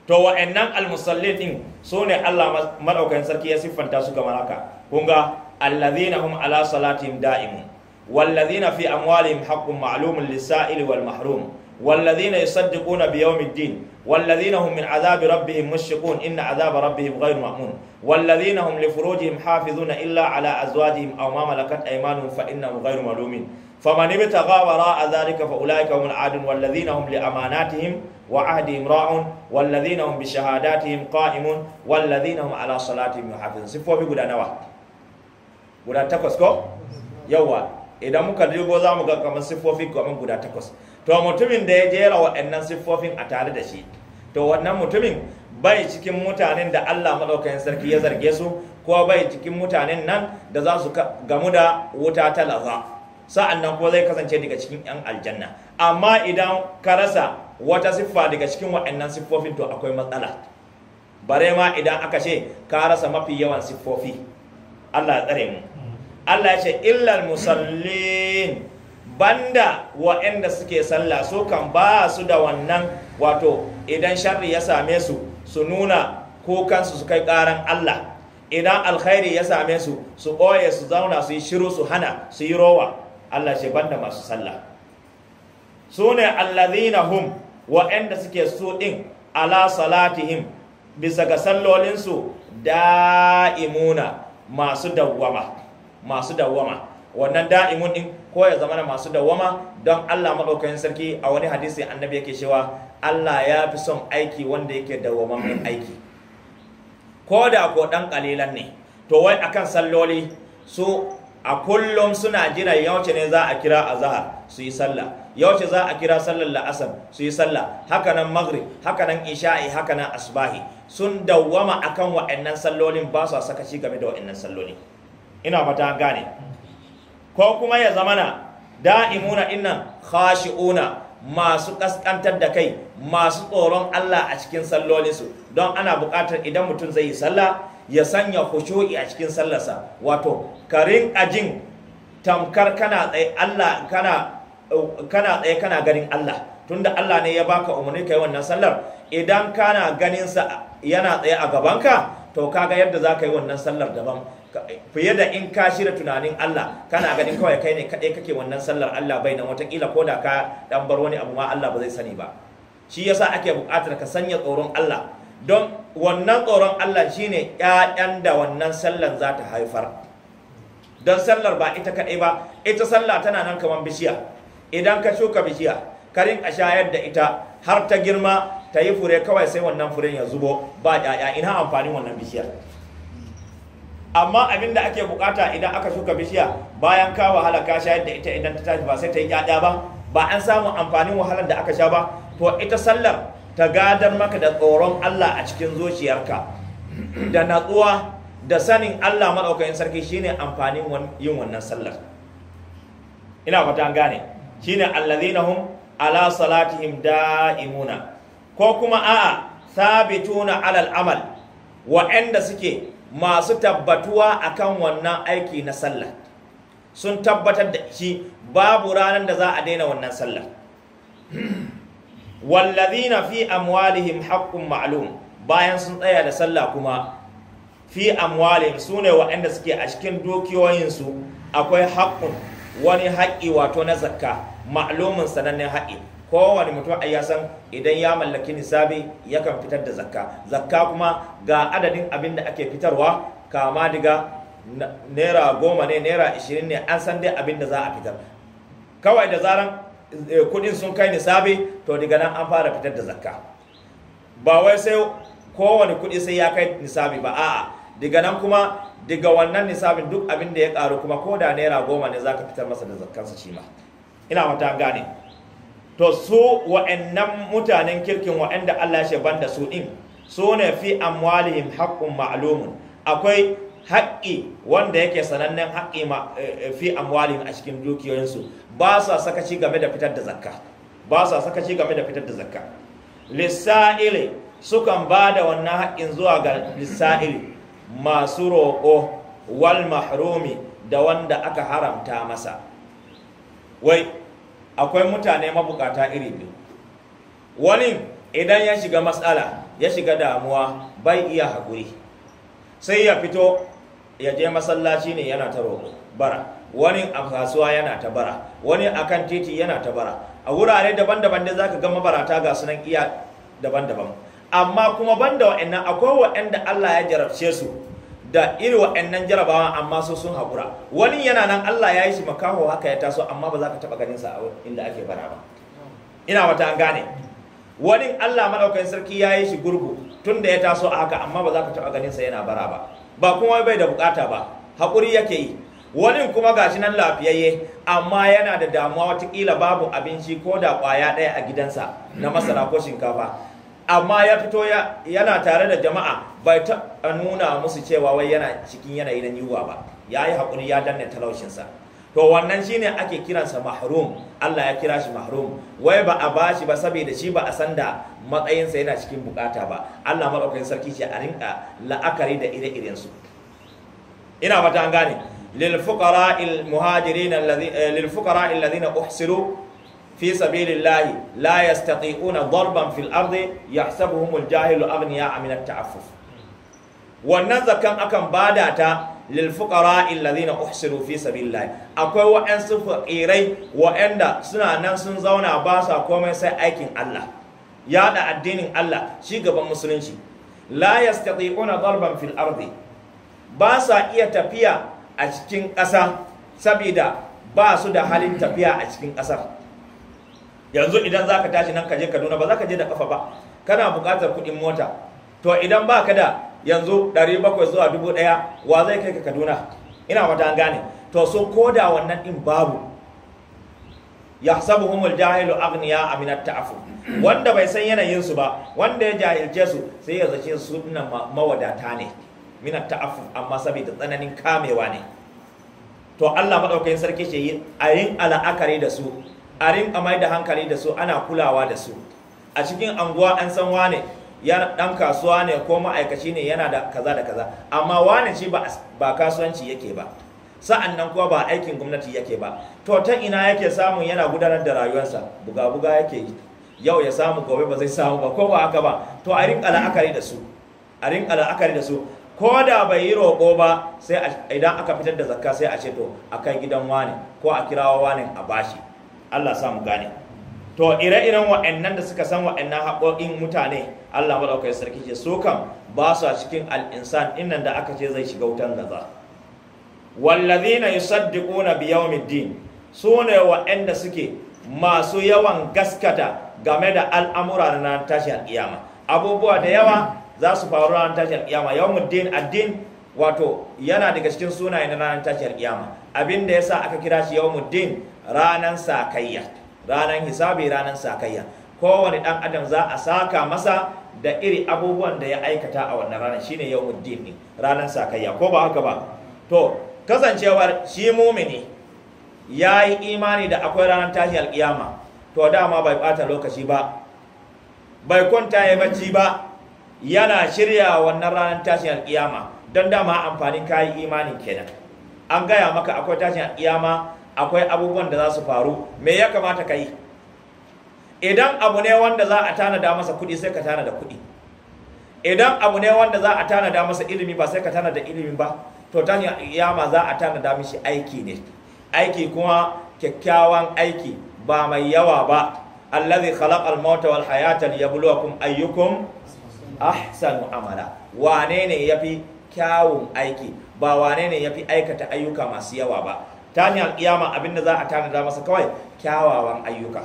to wa'annan almusallatin su ne Allah madaukakin sarki ya siffanta su kamar haka kun ga allazina hum ala salatihim da'imun wallazina fi amwalihim haqqun ma'lumun lis-sa'ili wal mahrum والذين يصدقون بيوم الدين والذين هم من عذاب ربهم مشفقون إن عذاب ربهم غير مأمون والذين هم لفروجهم حافظون إلا على أزواجهم أو ما ملكت أيمانهم فإنهم غير ملومين فمن ابتغى وراء ذلك فأولئك هم العادون والذين هم لأماناتهم وعهدهم راع والذين هم بشهاداتهم قائمون والذين هم على صلاتهم يحافظون سفوا بقول أنا واحد قول تكوس يوا إذا ممكن يقول زامك كما سفوا فيك ومن قول to mutumin da ya jera waɗannan siffofin a tare da shi to wannan mutumin bai cikin mutanen da Allah maɗaukakin sarki ya zarge su ko bai cikin mutanen nan da za su gamu da wuta ta laza sa'annan ko zai kasance daga cikin 'yan aljanna amma idan ka rasa wata siffa daga cikin waɗannan siffofin to akwai matsala bare ma idan aka ce ka rasa mafi yawan siffofi Allah ya tsare mu mm. Allah ya ce illal musallin banda wa'anda suke sallah su kan ba su da wannan wato idan sharri ya same su su nuna kansu su kai karan Allah idan alkhairi ya same su su ɓoye su zauna su yi shiru su hana su yi rowa Allah shi banda masu sallah su ne allazina hum wa'anda suke so ɗin ala salatihim bisa ga sallolinsu da'imuna masu dawwama masu dawwama wannan da'imun ɗin ko ya zama masu dawama don Allah maɗaukakin sarki a wani hadisi annabi yake cewa Allah ya fi son aiki wanda yake mai aiki ko da ko ɗan ƙalilan ne to wai akan salloli su a kullum suna jira yauce ne za a kira azahar su yi sallah yauce za a kira sallar la'asar su yi sallah hakanan maghrib hakanan isha'i hakanan asbahi sun dawwama akan wa'annan sallolin ba su sakaci game da wa'annan salloli ina fata gane ko kuma ya zama zamana da'imuna innan khashi'una masu kaskantar da kai masu tsoron Allah a cikin sallolinsu don ana buƙatar idan mutum zai yi sallah ya sanya khushu'i a cikin sallarsa wato karin ajin tamkar kana tsaye Allah kana kana tsaye kana ganin Allah tunda Allah ne ya baka umarni kai wannan sallar idan kana ganin sa yana tsaye a gabanka to kaga yadda za ka yi wannan sallar daban fiye da in ka shirya tunanin Allah kana ganin kawai kai ne kaɗai kake wannan sallar Allah bai nan watakila ko da ka dan bar wani abu ma Allah ba zai sani ba shi yasa ake buƙatar ka sanya tsoron Allah don wannan tsoron Allah shine ƴaƴan da wannan sallar za ta haifar don sallar ba ita kaɗai ba ita sallah tana nan kamar bishiya idan ka shuka bishiya karin a shayar da ita har ta girma ta yi fure kawai sai wannan furen ya zubo ba ƴaƴa ina amfanin wannan bishiyar amma abin da ake bukata idan aka shuka bishiya bayan ka wahala ka shayar da ita idan ta tashi ba sai ta yi ƴaƴa ba ba an samu amfanin wahalar da aka sha ba to ita sallar ta gadar maka da tsoron Allah a cikin zuciyarka da natsuwa da sanin Allah maɗaukakin sarki shine amfanin yin wannan sallar ina fata gane shine allazina hum ala salatihim da'imuna ko kuma a'a thabituna alal amal wa'anda suke masu tabbatuwa akan wannan aiki na sallah sun tabbatar da shi babu ranar da za a daina wannan sallah wallazina fi amwalihim haqqun ma'lum bayan sun tsaya da sallah kuma fi amwalihim sune waɗanda suke a cikin dukiyoyinsu akwai haƙƙun wani haƙƙi wato na zakka ma'lumin sanannen haƙi kowane mutum a ya san idan ya mallaki nisabi yakan fitar da zakka zakka kuma ga adadin abin da ake fitarwa kama daga naira goma ne naira ishirin ne an san dai abin da za a fitar kawai da zaran eh, kudin sun kai nisabi to daga nan an fara fitar da zakka ba wai sai kowane kudi sai ya kai nisabi ba a'a daga nan kuma daga wannan nisabin duk abin da ya karu kuma ko da naira goma ne za ka fitar masa da zakkansa shi ma ina mata gane to su wa'annan mutanen kirkin wa'anda Allah shi da su din su ne fi amwalihim haqqun ma'lumun akwai haƙƙi wanda yake sanannen haƙƙi eh, fi amwalihim a cikin dukiyoyinsu ba sa sakaci game da fitar da zakka ba sa sakaci game da fitar da zakka lissa'ili sukan ba da wannan haƙƙin zuwa ga lissa'ili masu roƙo wal mahrumi da wanda aka haramta masa wai akwai mutane mabukata iri biyu wani idan ya shiga matsala ya shiga damuwa bai iya haƙuri sai ya fito ya je masallaci ne yana ta roƙo bara wani a kasuwa yana ta bara wani a kan titi yana ta bara a wurare daban-daban da zaka ga mabarata ga sunan iya daban-daban amma kuma banda wa'annan akwai wa'anda Allah ya jarabce su da iri waɗannan jarabawa amma so sun haƙura wani yana nan Allah ya yi shi makaho haka ya taso amma ba za ka taɓa ganin sa inda ake fara ba ina wata an gane wani Allah madaukakin sarki ya yi shi gurgu tun da ya taso a haka amma ba za ka taɓa ganin sa yana bara ba ba kuma bai da bukata ba haƙuri yake yi wani kuma gashi nan lafiyayye amma yana da damuwa watakila babu abinci ko da ƙwaya ɗaya a gidansa na masara ko shinkafa amma ya fito yana tare da jama'a bai ta nuna musu cewa wai yana cikin yanayi na yiwuwa ba ya yi haƙuri ya danne talaushinsa to wannan shine ake kiransa mahrum Allah ya kira shi mahrum wai ba a bashi ba saboda shi ba a san da matsayinsa yana cikin bukata ba Allah madaukakin sarki shi a rinka la'akari da ire-iren su ina fata an gane lil fuqara al muhajirin eh, fi sabilillahi la yastati'una darban fil ardi yahsabuhumul jahilu aghniya min at-ta'affuf wannan zakan akan bada ta lil fuqara alladhina uhsinu fi sabilillahi akwai wa'ansu faqirai wa'anda suna nan sun zauna ba sa komai sai aikin Allah yada addinin Allah shi gaban musulunci la yastati'una darban fil ardi ba sa iya tafiya a cikin ƙasa saboda ba su da halin tafiya a cikin ƙasar yanzu idan za ka tashi nan ka je kaduna ba za ka je da kafa ba kana buƙatar kuɗin mota to idan ba ka da yanzu 700 zuwa 1000 wa zai kai ka kaduna ina wata gane to sun da wannan ɗin babu ya sabu humul jahilu agniya aminat ta'afu wanda bai san yanayin su ba wanda ya jahilce su sai ya zace su dinnan mawadata ne minat ta'afu amma saboda tsananin kamewa ne to Allah madaukakin sarki ce yin al'akari da su a rinka mai da hankali da su ana kulawa da su a cikin anguwa an san wane ya dan kasuwa ne ko ma'aikaci ne yana da kaza da kaza amma wane shi ba, kasuwanci yake ba sa'an nan kuwa ba aikin gwamnati yake ba to ta ina yake samun yana gudanar da rayuwarsa buga-buga yake yau ya samu gobe ba zai samu ba ko ba haka ba to a rinka la'akari da su a rinka la'akari da su ko da bai yi roƙo ba sai idan aka fitar da zakka sai a ce to a kai gidan wane ko a kirawa wane a bashi Allah sa mu gane to ire-iren wa'annan da suka san wa'annan haƙoƙin mutane Allah ɗaukai sarki ce so kam ba su a cikin al'insan innan da aka ce zai shiga wutan gaza wallazina yusaddiquna bi yawmiddin su ne wa'anda suke masu yawan gaskata game da al'amura na ranar tashi al'iyama abubuwa da yawa za su faru ranar tashi al'iyama yawmiddin addin wato yana daga cikin sunaye na ranar tashi al'iyama abin da yasa aka kira shi yawmiddin ranan sakayya ranan hisabi ranan sakayya kowane dan adam za a saka masa da iri abubuwan da ya aikata a wannan ranar shine yawmuddin ne ranan sakayya ko ba haka ba to kasancewar shi mumini ya yi imani da akwai ranar tashi alkiyama to dama bai bata lokaci ba bai kwanta ya bacci ba yana shirya wannan ranar tashin alkiyama don dama amfanin kayi imani kenan an gaya maka akwai tashin alkiyama akwai abubuwan da za su faru me ya kamata ka yi idan abu ne wanda za a tanada masa kuɗi sai ka tanada kuɗi idan abu ne wanda za a tanada masa ilimi ba sai ka tanada ilimi ba to ta yama za a tanada mishi aiki ne aiki kuma kyakkyawan aiki ba mai yawa ba allazi khalaqal mauta wal hayata liyabluwakum ayyukum ahsanu amala wane ne yafi kyawun aiki ba wane ne yafi aikata ayyuka masu yawa ba tani alƙiyama da za a tanada masa kawai kyawawan ayyuka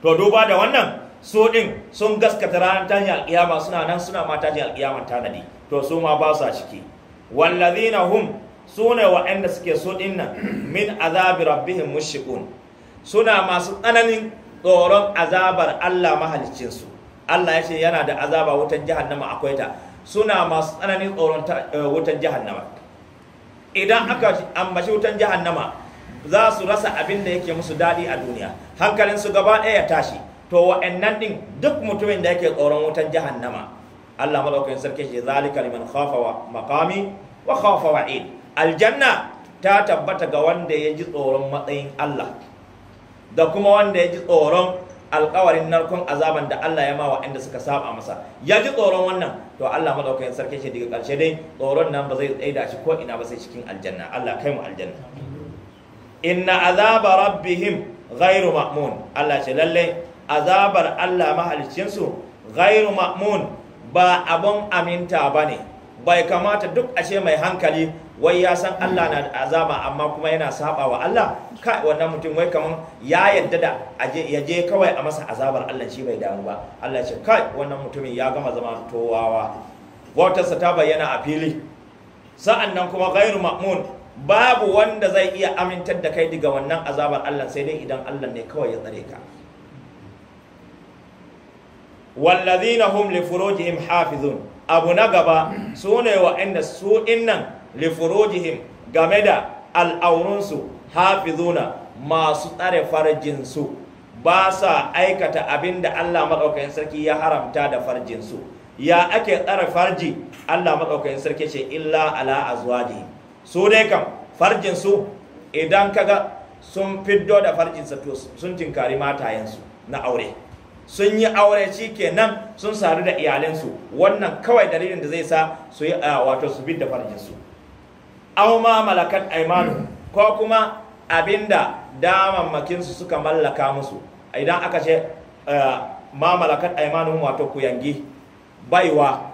to duba da wannan su ɗin sun gaskata ranar tani alƙiyama suna nan suna ma tani alƙiyama tanadi to su ma ba su ciki wallazina hum sune waɗanda suke su din nan min azabi rabbihim mushikun suna masu tsananin tsoron azabar Allah su. Allah ya ce yana da azaba wutan jahannama akwai ta suna masu tsananin tsoron eh, wutan jahannama idan aka ambaci wutan jahannama za su rasa abin da yake musu daɗi a duniya hankalin su gaba ɗaya ya tashi to wa'annan din duk mutumin da yake tsoron wutan jahannama Allah madaukakin sarki shi zalika liman khafa wa maqami wa khafa wa'id aljanna ta tabbata ga wanda ya ji tsoron matsayin Allah da kuma wanda ya ji tsoron alƙawarin narkon azaban da Allah ya ma waɗanda suka saba masa ya ji tsoron wannan to Allah madaukakin sarki shi daga ƙarshe dai tsoron nan ba zai tsaida shi ko ina ba sai cikin aljanna Allah kai mu aljanna inna azaba rabbihim ghairu ma'mun Allah ce lalle azabar Allah mahaliccin su ghairu ma'mun ba abun aminta bane bai kamata duk ashe mai hankali wai ya san Allah na azaba amma kuma yana saba wa Allah kai wannan mutum wai kaman ya yadda da ya je kawai a masa azabar Allah shi bai damu ba Allah ce kai wannan mutumin ya gama zama towawa wautarsa ta bayyana a fili sa'annan kuma ghairu ma'mun babu wanda zai iya amintar da kai daga wannan azabar Allah sai dai idan Allah ne kawai ya tsare ka wallazina hum li furujihim hafizun abu na gaba sune wa'anda su dinnan li furujihim game da al'aurunsu hafizuna masu tsare farjinsu ba sa aikata abin da Allah maɗaukakin sarki ya haramta da farjinsu ya ake tsare farji Allah maɗaukakin sarki ce illa ala azwaji su dai kam farjinsu idan kaga sun fiddo da farjinsu to sun tinkari matayensu na aure sun yi aure shi kenan sun sadu da iyalinsu wannan kawai dalilin da zai sa su yi wato su bidda farjinsu au ma malakat aymanu ko kuma abinda damammakin su suka mallaka musu idan aka ce eh, ma malakat aymanu wato ku yangi baiwa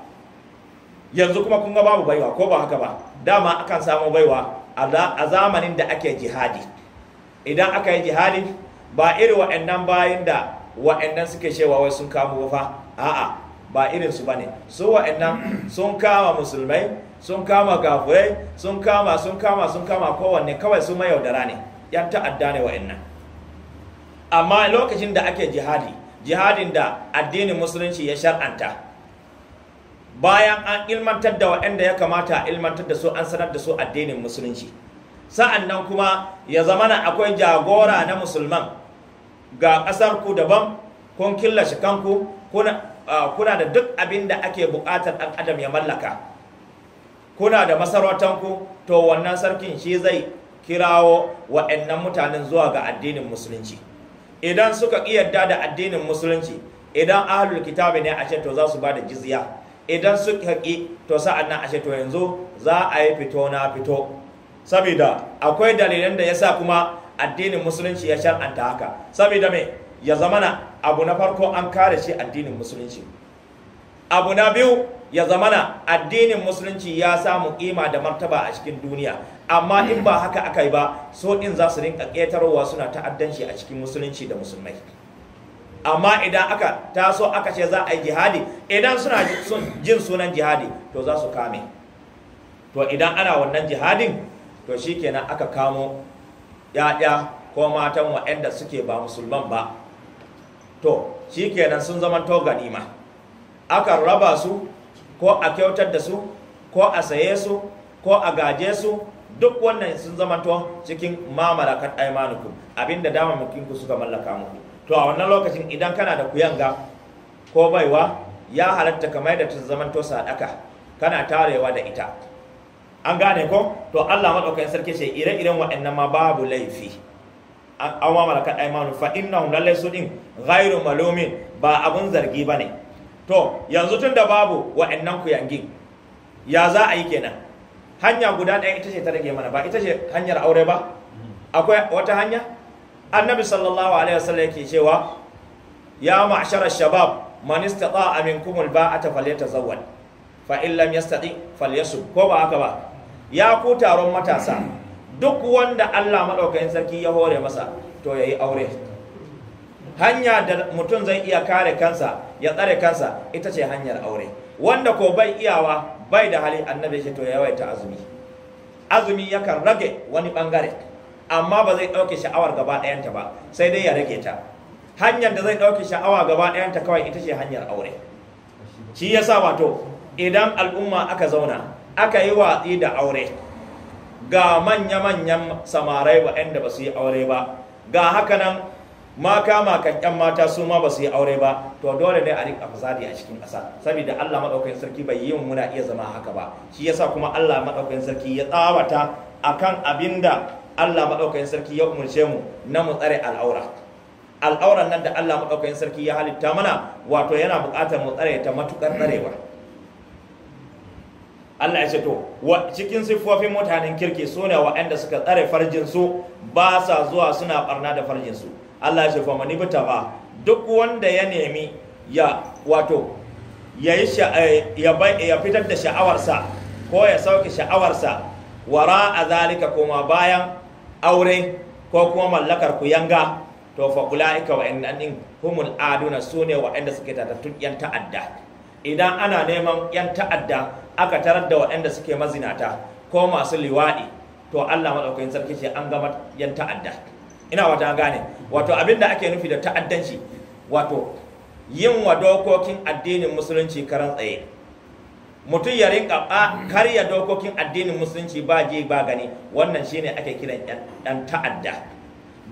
yanzu kuma kun ga babu baiwa ko ba haka ba dama akan samu baiwa a zamanin da ake jihadi idan aka yi jihadi ba iri wa'annan bayin da wa'annan suke cewa wai sun kama fa a'a ba irin su bane su wa'annan sun kama musulmai sun kama kafirai sun kama sun kama sun kama kowanne kawai su mayaudara ne yan ta'adda ne wa'annan amma lokacin da ake jihadi jihadin da addinin musulunci ya shar'anta bayan an ilmantar da waɗanda ya kamata a ilmantar da su an sanar da su addinin musulunci sa'an nan kuma ya zamana akwai jagora na musulman ga ƙasar ku daban kun killashi kanku ah, kuna da duk abin da ake buƙatar ɗan adam ya mallaka kuna da masarautanku to wannan sarkin shi zai kirawo waɗannan mutanen zuwa ga addinin musulunci idan suka yarda da addinin musulunci idan ahlul kitabi ne a to za su ba da jizya idan suka ƙi to sa'annan a ashe to yanzu za a yi fito na fito saboda akwai dalilan da yasa kuma addinin musulunci ya shar'anta haka saboda me ya zamana abu na farko an kare shi addinin musulunci abu na biyu ya zamana addinin musulunci ya samu kima da martaba a cikin duniya amma in ba haka aka yi ba so din za su rinka ƙetarowa suna ta'addanci a cikin musulunci da musulmai amma idan aka taso aka ce za a yi jihadi idan suna jin sunan jihadi to za su kame to idan ana wannan jihadin to shikenan aka kamo ya'ya ko matan waɗanda suke ba musulman ba to shikenan sun zama to ganima akan raba su ko a kyautar da su ko a saye su ko a gaje su duk wannan sun zamanto cikin mamalakat aimanuku abinda dama mukinku suka mallaka muku to a wannan lokacin idan kana da kuyanga ko baiwa ya halatta kamar da ta zamanto sadaka kana tarewa da ita an gane ko to Allah madaukakin sarki ce ire-iren waɗannan ma babu laifi an mamalakat aimanu fa innahum lallai su din ghairu malumin ba abun zargi bane to yanzu tun da babu wa'annan kuyangin ya za a yi kenan hanya guda ɗaya ita ce ta rage mana ba ita ce hanyar aure ba akwai wata hanya annabi sallallahu alaihi wasallam yake cewa ya ma'shara shabab man istata'a ta alba'ata falyatazawwaj fa in lam yastati falyasub ko ba haka ba ya ku taron matasa duk wanda Allah madaukakin sarki ya hore masa to yayi aure hanya da mutum zai iya kare kansa ya tsare kansa ita ce hanyar aure wanda ko bai iyawa bai da hali annabi shi to yawaita azumi azumi yakan rage wani bangare amma ba zai ɗauke sha'awar gaba ɗayanta ba sai dai ya rage ta hanyar da zai ɗauke sha'awa gaba ɗayanta kawai ita ce hanyar aure shi yasa wato idan al'umma aka zauna aka yi watsi da aure ga manya-manyan samarai waɗanda ba su yi aure ba ga haka nan. ma kama kan yan mata su ma ba su yi aure ba to dole ne a rika fasadi a cikin ƙasa saboda Allah madaukakin sarki bai yi muna iya zama haka ba shi yasa kuma Allah madaukakin sarki ya tsawata akan abinda Allah madaukakin sarki ya umurce mu na mu tsare al'aura al'auran nan da Allah madaukakin sarki ya halitta mana wato yana buƙatar mu tsare ta matukar tsarewa Allah ya ce to wa cikin siffofin mutanen kirki su wa'anda suka tsare su ba sa zuwa suna barna da farjin su. Allah ya shafa mani ba duk wanda ya nemi ya wato ya eh, ya fitar da sha'awarsa ko ya sauke sha'awarsa wara a zalika kuma bayan aure ko kuma mallakar ku yanga to fa ulaika wa din humul aduna sune inda suke tatattun yan ta'adda idan ana neman yan ta'adda aka tarar da waɗanda suke mazinata ko masu liwaɗi to Allah madaukakin sarki ce an gama yan ta'adda ina wata gane wato abin da ake nufi da ta'addanci wato yin wa dokokin addinin musulunci karan tsaye mutum ya rinka karya dokokin addinin musulunci ba je ba gani wannan shine ake kiran dan ta'adda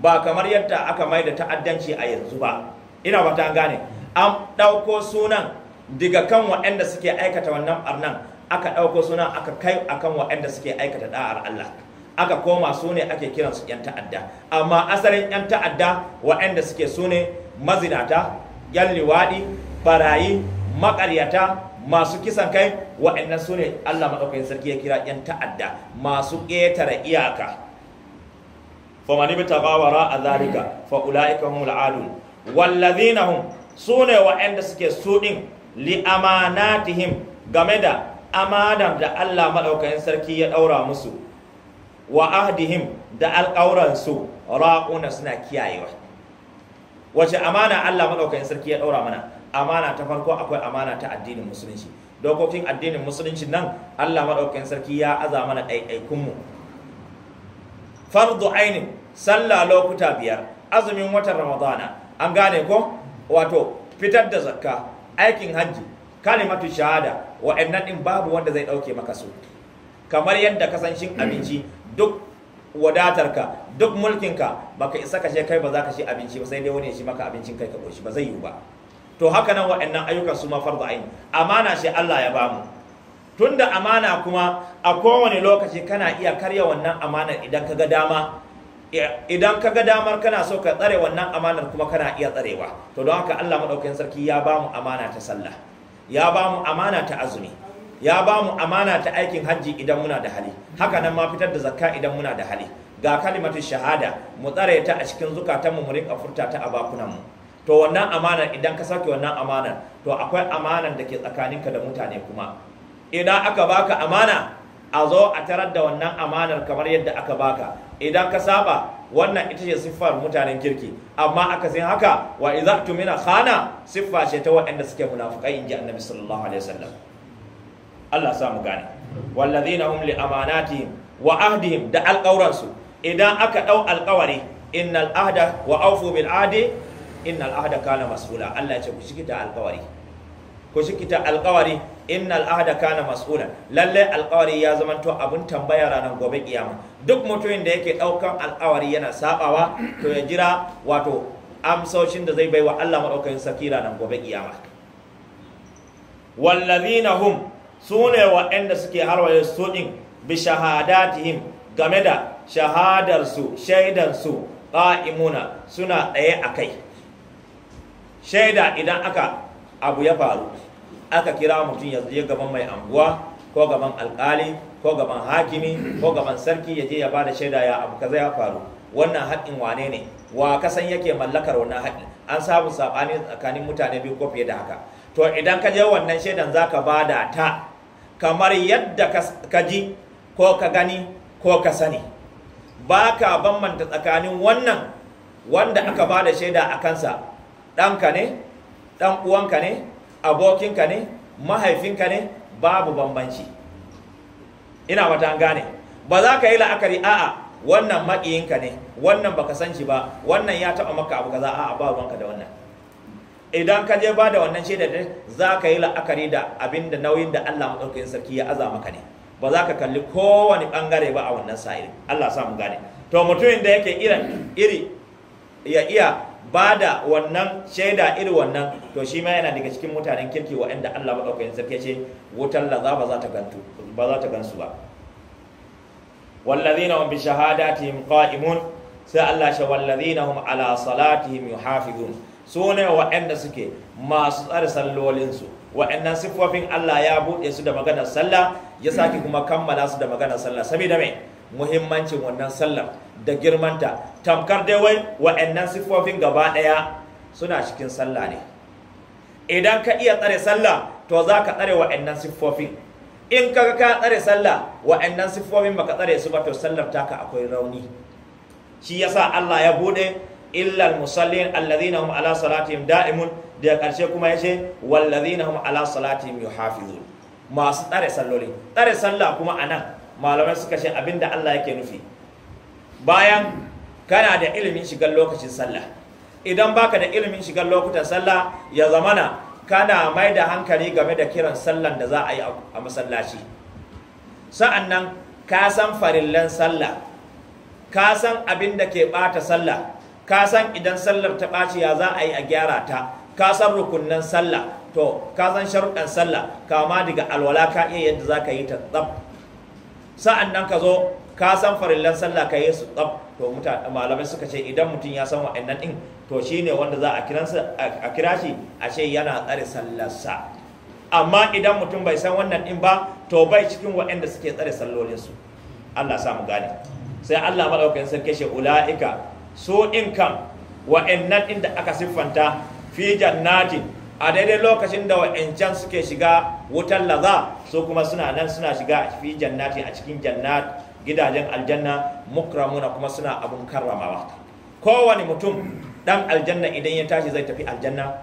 ba kamar yadda aka mai da ta'addanci a yanzu ba ina wata gane an ɗauko sunan daga kan waɗanda suke aikata wannan barnan aka ɗauko sunan aka kai akan waɗanda suke aikata da'ar Allah aka koma su ne ake kiransu 'yan ta'adda amma asalin 'yan ta'adda waɗanda suke su ne mazinata 'yan liwaɗi barayi makaryata masu kisan kai waɗannan su ne Allah maɗaukakin sarki ya kira 'yan ta'adda masu ƙetare iyaka famani bi tagawara a zalika fa ula'ika hum al'adun wallazina hum su ne waɗanda suke suɗin liamanatihim li amanatihim game da amanar da Allah maɗaukakin sarki ya ɗaura musu wa ahdihim da su ra'una suna kiyayewa wace amana Allah maɗaukakin sarki ya ɗaura mana amana ta farko akwai amana ta addinin musulunci dokokin addinin musulunci nan Allah maɗaukakin sarki ya aza mana ɗaiɗaikunmu fardu ainin sallah lokuta biyar azumin watan ramadana an gane ko wato fitar da zakka aikin hajji kalimatu shahada wa'annan din babu wanda zai ɗauke maka su kamar yadda kasancin abinci duk wadatarka duk mulkinka baka isa ka kai ba za ka ci abinci ba sai dai wani ya shi maka abincin kai ka koshi ba zai yiwu ba to haka nan waɗannan ayyukan su ma fardu ayin amana shi Allah ya bamu tunda amana kuma a kowane lokaci kana iya karya wannan amanar idan ka ga dama idan ka ga damar kana so ka tsare wannan amanar kuma kana iya tsarewa to don haka Allah madaukakin sarki ya bamu amana ta sallah ya bamu amana ta azumi ya ba mu amana ta aikin hajji idan muna da hali haka nan ma fitar da zakka idan muna da hali ga kalimatu shahada mu tsare ta a cikin zukatan mu rika furta ta a mu. to wannan amana idan ka sake wannan amanar to akwai amanan da ke tsakaninka da mutane kuma idan aka baka amana a zo a tarar da wannan amanar kamar yadda aka baka idan ka saba wannan ita ce siffar mutanen kirki amma aka sai haka wa idza tumina khana siffa ce ta waɗanda suke munafukai inji annabi sallallahu alaihi wasallam Allah sa mu gane wallazina hum li amanatihim wa ahdihim da alƙawransu idan aka ɗau alƙawari innal ahda wa awfu bil ahdi innal ahda kana mas'ula Allah ya ce ku shikita alƙawari ku shikita alƙawari innal ahda kana mas'ula lalle alƙawari ya abun tambaya ranar gobe kiyama duk mutumin da yake ɗaukan alƙawari yana sabawa to ya jira wato amsoshin da zai baiwa Allah madaukakin saki ranar gobe kiyama wallazina hum su ne waɗanda suke harwaye su ɗin bi shahadatihim game da shahadarsu shaidansu ƙa'imuna suna ɗaya a kai shaida idan aka abu ya faru aka kira mutum ya je gaban mai anguwa ko gaban alƙali ko gaban hakimi ko gaban sarki ya je ya ba da shaida ya abu kaza ya faru wannan haƙƙin wane ne wa kasan yake mallakar wannan haƙƙi an samu saɓani tsakanin mutane biyu ko fiye da haka to idan ka je wannan shaidan zaka ba da ta kamar yadda ka ji ko ka gani ko ka sani ba ka bambanta tsakanin wannan wanda aka ba da shaida a kansa ɗanka ne ɗan uwanka ne abokinka ne mahaifinka ne babu bambanci ina wata gane ba za ka yi la'akari a'a wannan maƙiyinka ne wannan ba ka san shi ba wannan ya taɓa maka abu za a'a ba wanka da wannan idan ka je ba da wannan shaidar za ka yi la'akari da abin da nauyin da Allah maɗaukakin sarki ya aza maka ne ba za ka kalli kowane ɓangare ba a wannan sa'iri Allah samu gane to mutumin da yake irin iri ya iya ba da wannan shaida iri wannan to shi ma yana daga cikin mutanen kirki waɗanda Allah maɗaukakin sarki ce wutar laza ba za ta gantu ba za ta gansu ba wallazina hum bi shahadatihim qa'imun sai Allah sha wallazina hum ala salatihim yuhafizun su ne waɗanda suke masu tsare sallolinsu waɗannan siffofin Allah ya buɗe su da maganar sallah ya sake kuma kammala su da maganar sallah saboda mai muhimmancin wannan sallar da girmanta tamkar dai wai waɗannan siffofin gaba ɗaya suna cikin sallah ne idan ka iya tsare sallah to za ka tsare waɗannan siffofin in ka ka tsare sallah waɗannan siffofin baka tsare su ba to sallar taka akwai rauni shi yasa Allah ya buɗe illa musallin alladhina hum ala salatihim da'imun da karshe kuma yace walladhina hum ala salatihim yuhafizun masu tsare salloli tsare sallah kuma anan malamai suka ce abinda Allah yake nufi bayan kana da ilimin shigar lokacin sallah idan baka da ilimin shigar lokutan sallah ya zamana kana mai da hankali game da kiran sallan da za a yi a masallaci sa'annan ka san farillan sallah ka san abin da ke bata sallah ka san idan sallar ta ɓaci ya za a yi a gyara ta ka san rukunnan sallah to ka san sharuɗan sallah kama daga alwala ka iya yadda za ka yi ta tsab sa'an nan ka zo ka san farillan sallah ka yi su tsab to malamai suka ce idan mutum ya san wa'annan ɗin to shine wanda za a kira shi a ce yana tsare sallarsa amma idan mutum bai san wannan din ba to bai cikin waɗanda suke tsare sallolinsu Allah sa mu gane sai Allah madaukakin sarki shi ula'ika su in kam wa'annan ɗin inda aka siffanta fi jannati a daidai lokacin da wa'ancan suke shiga wutar laza su kuma suna nan suna shiga fi jannati a cikin jannat gidajen aljanna mukramuna kuma suna abun karramawa kowane mutum ɗan aljanna idan ya tashi zai tafi aljanna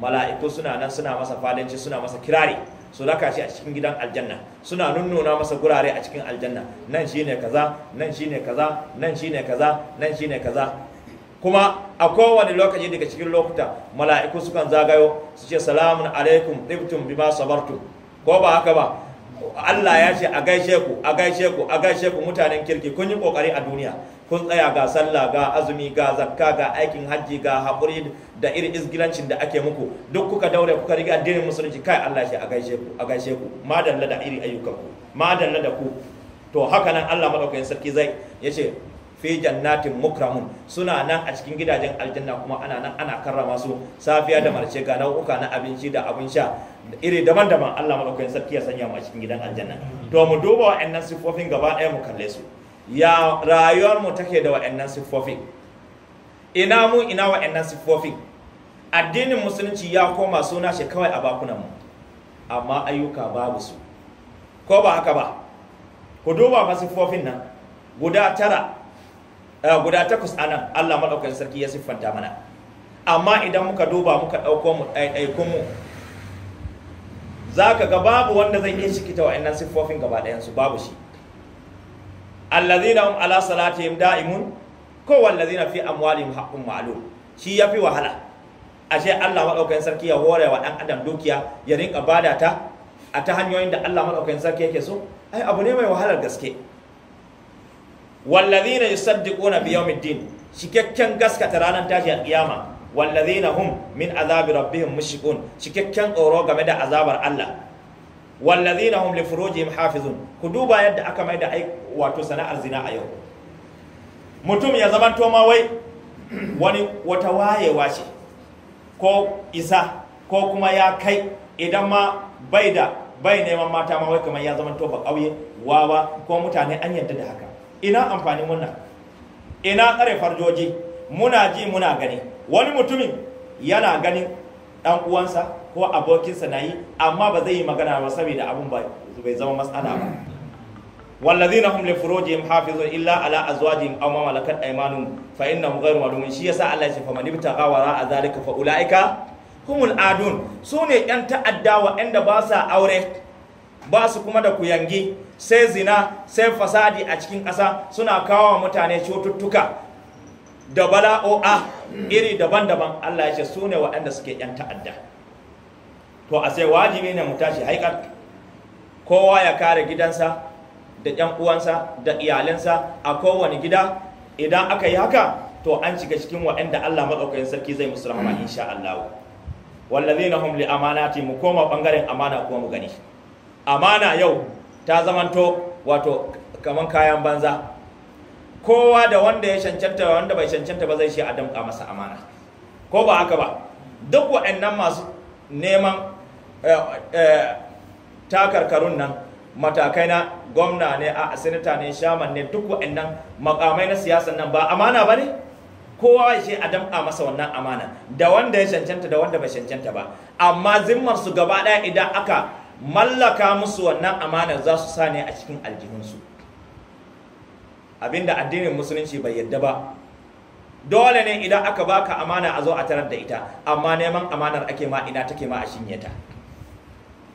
mala'iku suna nan suna masa fadanci suna masa kirari su raka shi a cikin gidan aljanna suna nunnuna masa gurare a cikin aljanna nan shine kaza nan shine kaza nan shine kaza nan shine kaza kuma a kowane lokaci daga cikin lokuta mala'iku sukan zagayo su ce salamun alaikum tibtum bima sabartu ko ba haka ba Allah ya ce a gaishe ku a gaishe ku a gaishe ku mutanen kirki kun yi kokari a duniya kun tsaya ga sallah ga azumi ga zakka ga aikin hajji ga haƙuri da irin izgilancin da ake muku duk kuka daure kuka riga addinin musulunci kai Allah ce a gaishe ku a gaishe ku madalla da irin ayyukan ku madalla da ku to haka nan Allah madaukakin sarki zai yace fi jannatin mukramun suna nan a cikin gidajen aljanna kuma ana nan ana karrama su safiya da marce ga nau'uka na abinci da abin sha iri daban-daban Allah madaukakin sarki ya sanya mu a cikin gidan aljanna to mu duba wa'annan siffofin gaba ɗaya mu kalle su ya rayuwar mu take da wa'annan siffofin ina mu ina wa'annan siffofin addinin musulunci ya koma suna shi kawai a bakunan mu amma ayyuka babu su ko ba haka ba ku duba fa siffofin nan guda tara Eh, guda takwas anan Allah madaukakin sarki ya siffanta mana amma idan muka duba muka dauko mu ɗaiɗaikun mu zaka ga babu wanda zai iya shikita wa'annan siffofin gaba ɗayan su babu shi allazina hum ala salatihim da'imun ko wallazina fi amwalihim haqqun ma'lum shi yafi wahala ashe Allah madaukakin sarki ya hore wa dan adam dukiya ya rinka bada ta a ta hanyoyin da Allah madaukakin sarki yake so ai abu ne mai wahalar gaske wallazina yusaddiquna bi din cikakken gaskata ranar tashin kiyama wallazina hum min azabi rabbihim mushikun cikakken tsoro game da azabar Allah wallazina hum li furujihim hafizun ku duba yadda aka mai da wato sana'ar zina a yau mutum ya zaman to ma wai wani wata wayewa ce ko isa ko kuma ya kai idan ma bai da bai neman mata ma wai kamar ya zaman to ba kauye wawa ko mutane an yarda da haka ina amfanin wannan ina tsare farjoji muna ji muna gani wani mutumin yana ganin dan uwansa ko abokinsa na yi amma ba zai yi magana ba saboda abun bai zama matsala ba wallazina hum li furujihim hafizun illa ala azwajihim aw ma malakat aymanuhum fa innahum ghayru malumin shi yasa Allah ya ce faman ibtaqa wara zalika fa ulaika humul su ne yan ta'adda wa da ba sa aure ba su kuma da kuyangi sai zina sai fasadi a cikin ƙasa suna kawo wa mutane cututtuka da bala'o'a iri daban-daban Allah ya ce su ne waɗanda suke ‘yan ta'adda to a sai wajibi ne mu tashi haikar kowa ya kare gidansa da ‘yan uwansa da iyalinsa a kowane gida idan aka yi haka to an shiga cikin waɗanda Allah maɗaukakin sarki zai musu rahama mm. insha Allah wallazina hum li amanati mu koma bangaren amana kuma mu gani amana yau ta zamanto wato kaman kayan banza kowa da wanda ya cancanta wanda bai shancanta ba zai shi a damƙa masa amana ko ba haka ba duk waɗannan masu neman eh, eh, takarkarun nan matakai na gwamna ne a asinita ne shaman ne duk waɗannan makamai na siyasan nan ba amana ba ne kowa ya ce a damƙa masa wannan amana da wanda ya shancanta da wanda bai shancanta ba amma zimmar su gaba ɗaya idan aka mallaka musu wannan amanar za su sa ne a cikin aljihunsu abinda addinin musulunci bai yadda ba dole ne idan aka baka amana a zo a tarar da ita amma neman amanar ake ma ina take ma a shinye ta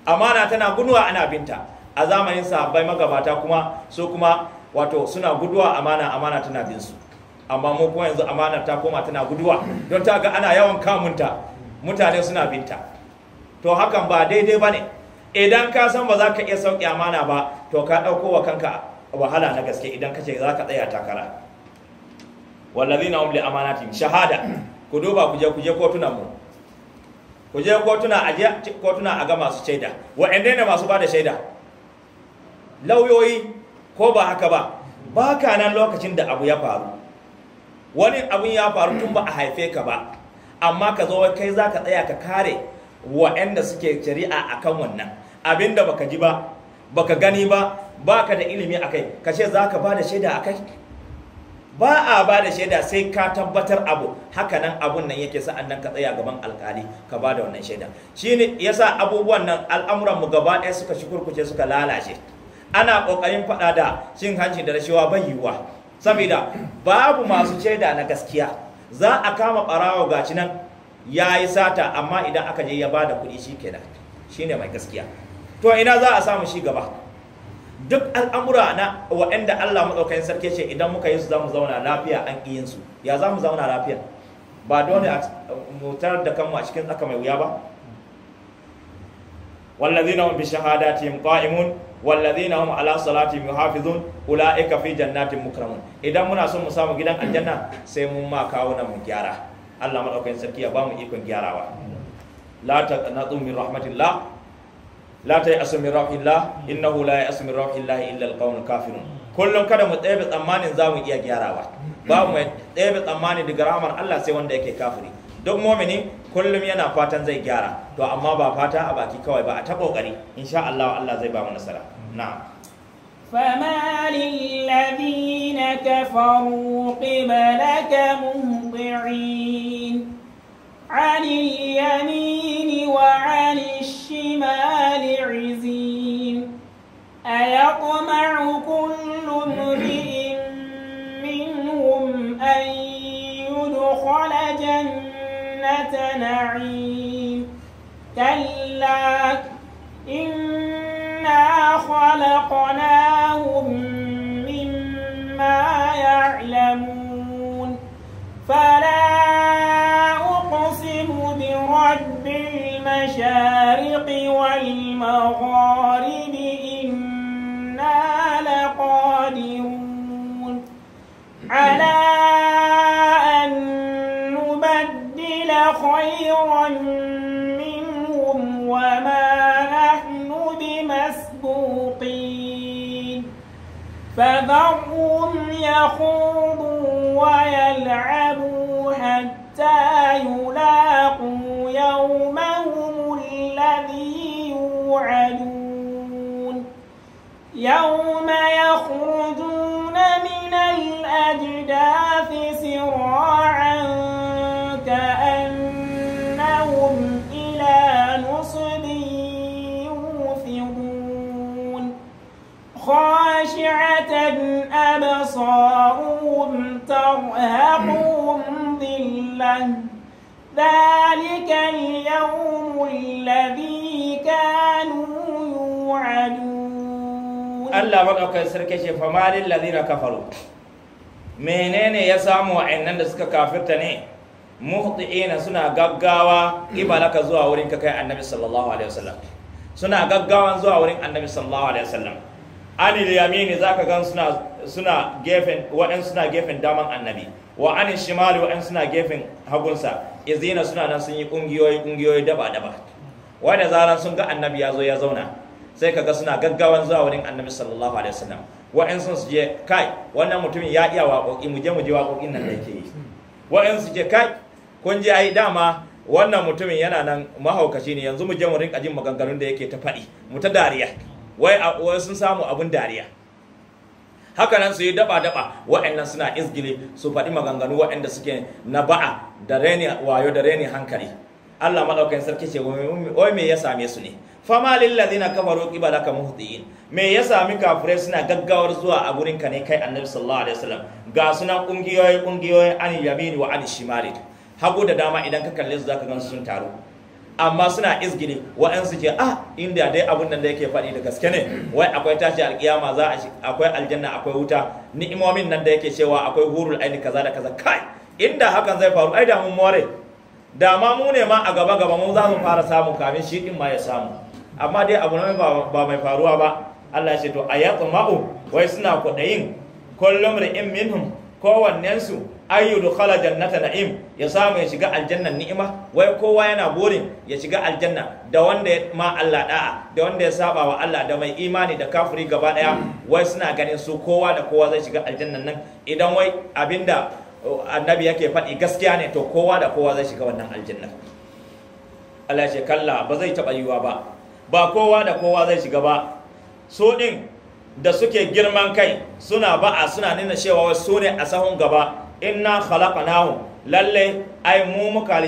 amana tana guduwa ana binta a zamanin sahabbai magabata kuma so kuma wato suna guduwa amana amana tana bin su amma mu kuma yanzu amanar ta koma tana guduwa don ta ga ana yawan kamunta mutane suna binta to hakan ba daidai ba ne idan ka san ba za ka iya sauƙi amana ba to ka ɗauko wa kanka wahala na gaske idan ka ce za ka tsaya takara wallazina hum li amanatihim shahada ku duba ku je ku je kotuna mu ku je kotuna a je kotuna a ga masu shaida Wa inda ne masu bada shaida lauyoyi ko ba haka ba ba ka nan lokacin da abu ya faru wani abun ya faru tun ba a haife ka ba amma ka zo kai za ka tsaya ka kare wa'anda suke shari'a akan wannan abinda baka ji ba baka gani ba baka da ilimi akai kashe za zaka ba da shaida akai ba a ba da shaida sai ka tabbatar abu hakanan abun nan yake sa'an nan ka tsaya gaban alkali ka ba da wannan shaida shine yasa abubuwan nan al'amuran mu gaba ɗaya suka kurkuce suka lalace ana kokarin faɗa da cin hanci da rashewa bai yiwuwa saboda babu masu shaida na gaskiya za a kama ɓarawo gaci nan ya yi sata amma idan aka je ya ba da kuɗi shi kenan shine mai gaskiya to ina za a samu shi gaba duk al'amura na waɗanda Allah maɗaukakin sarki ce idan muka yi su za mu zauna lafiya an ƙi su ya za mu zauna lafiya ba dole mu tarar da kanmu a cikin tsaka mai wuya ba wallazi na bi shahadatihim qa'imun wallazina hum ala salatihim yuhafizun ulaika fi jannatin mukramun idan muna son mu samu gidan aljanna sai mun ma kawo nan mu gyara Allah maɗaukakin sarki ya ba mu ikon gyarawa la taqnatu min rahmatillah la ta yi asumin in na hula ya asumin rahillah illa alqawmul kafirun kullum kada mu tsaye tsammanin za mu iya gyarawa ba mu tsebe tsammanin daga ramar Allah sai wanda yake kafiri duk mumini kullum yana fatan zai gyara to amma ba fata a baki kawai ba a ta kokari insha Allah Allah zai ba mu nasara na'am فما للذين كفروا قبلك مهطعين عن اليمين وعن الشمال عزين أيطمع كل امرئ منهم أن يدخل جنة نعيم كلا إنا خلقناهم مما يعلمون فلا رب المشارق والمغارب إنا لقادرون على أن نبدل خيرا منهم وما نحن بمسبوقين فذرهم يخوضوا ويلعبوا حتى يلاقوا يومهم الذي يوعدون يوم يخرجون من الأجداث سراعا كأنهم إلى نصب يوفضون خاشعة أبصارهم ترهقهم ذلة ذلك اليوم الذي كانوا يوعدون الله مدعوك سركشي فما للذين كفروا menene ya samu wa'annan da suka kafirta ne muhti'ina suna gaggawa ibalaka zuwa wurin ka kai annabi sallallahu alaihi wasallam suna gaggawan zuwa wurin annabi sallallahu alaihi wasallam anil yamini zaka gan suna suna gefen waɗansu suna gefen daman annabi wa anil shimali waɗansu suna gefen hagunsa izina suna nan sun yi kungiyoyi kungiyoyi daba daba wanda zaran sun ga annabi ya zo ya zauna sai kaga suna gaggawan zuwa wurin annabi sallallahu alaihi wasallam waɗansu su je kai wannan mutumin ya iya waƙoƙi mu je mu je waƙoƙin nan da yake yi waɗansu su je kai kun je ai dama wannan mutumin yana nan mahaukaci ne yanzu mu je mu rinka jin maganganun da yake ta faɗi mu ta dariya wai a sun samu abin dariya haka nan su yi daba-daba wa'annan suna izgili su faɗi maganganu wa'anda suke na ba'a da reni wayo da reni hankali Allah madaukakin sarki ce wai me ya same su ne fama lil ladina kafaru qibalaka muhdiin me ya sami kafurai suna gaggawar zuwa a gurin ka ne kai annabi sallallahu alaihi wasallam ga suna kungiyoyi kungiyoyi an yamini wa an shimali hagu da dama idan ka kalle su zaka gan sun taru amma suna izgini wa'ansu ke a ah, inda dai abun nan da yake faɗi da gaske ne wai akwai tashi alƙiyama za a akwai aljanna akwai wuta ni'imomin nan da yake cewa akwai hurul aini kaza da kaza kai inda hakan zai faru ai da mun more da ma mu ne ma a gaba gaba mu za mu fara samu kamin shi din ma ya samu amma dai abu nan ba mai faruwa ba Allah ya ce to ma'u wai suna kudayin kullum ri'in minhum kowannensu ayyu dukhala jannata na'im ya samu ya shiga aljanna ni'ima wai kowa yana burin ya shiga aljanna da wanda ya ma Allah da'a da wanda ya saba wa Allah da mai imani da kafiri gaba daya wai suna ganin su kowa da kowa zai shiga aljannan nan idan wai abinda uh, annabi yake faɗi gaskiya ne to kowa da kowa zai shiga wannan aljanna Allah ya kalla ba zai taɓa yiwa ba ba kowa da kowa zai shiga ba so din da suke girman kai suna ba'a suna nuna cewa su ne a sahun gaba inna khalaqnahum lalle ai mu muka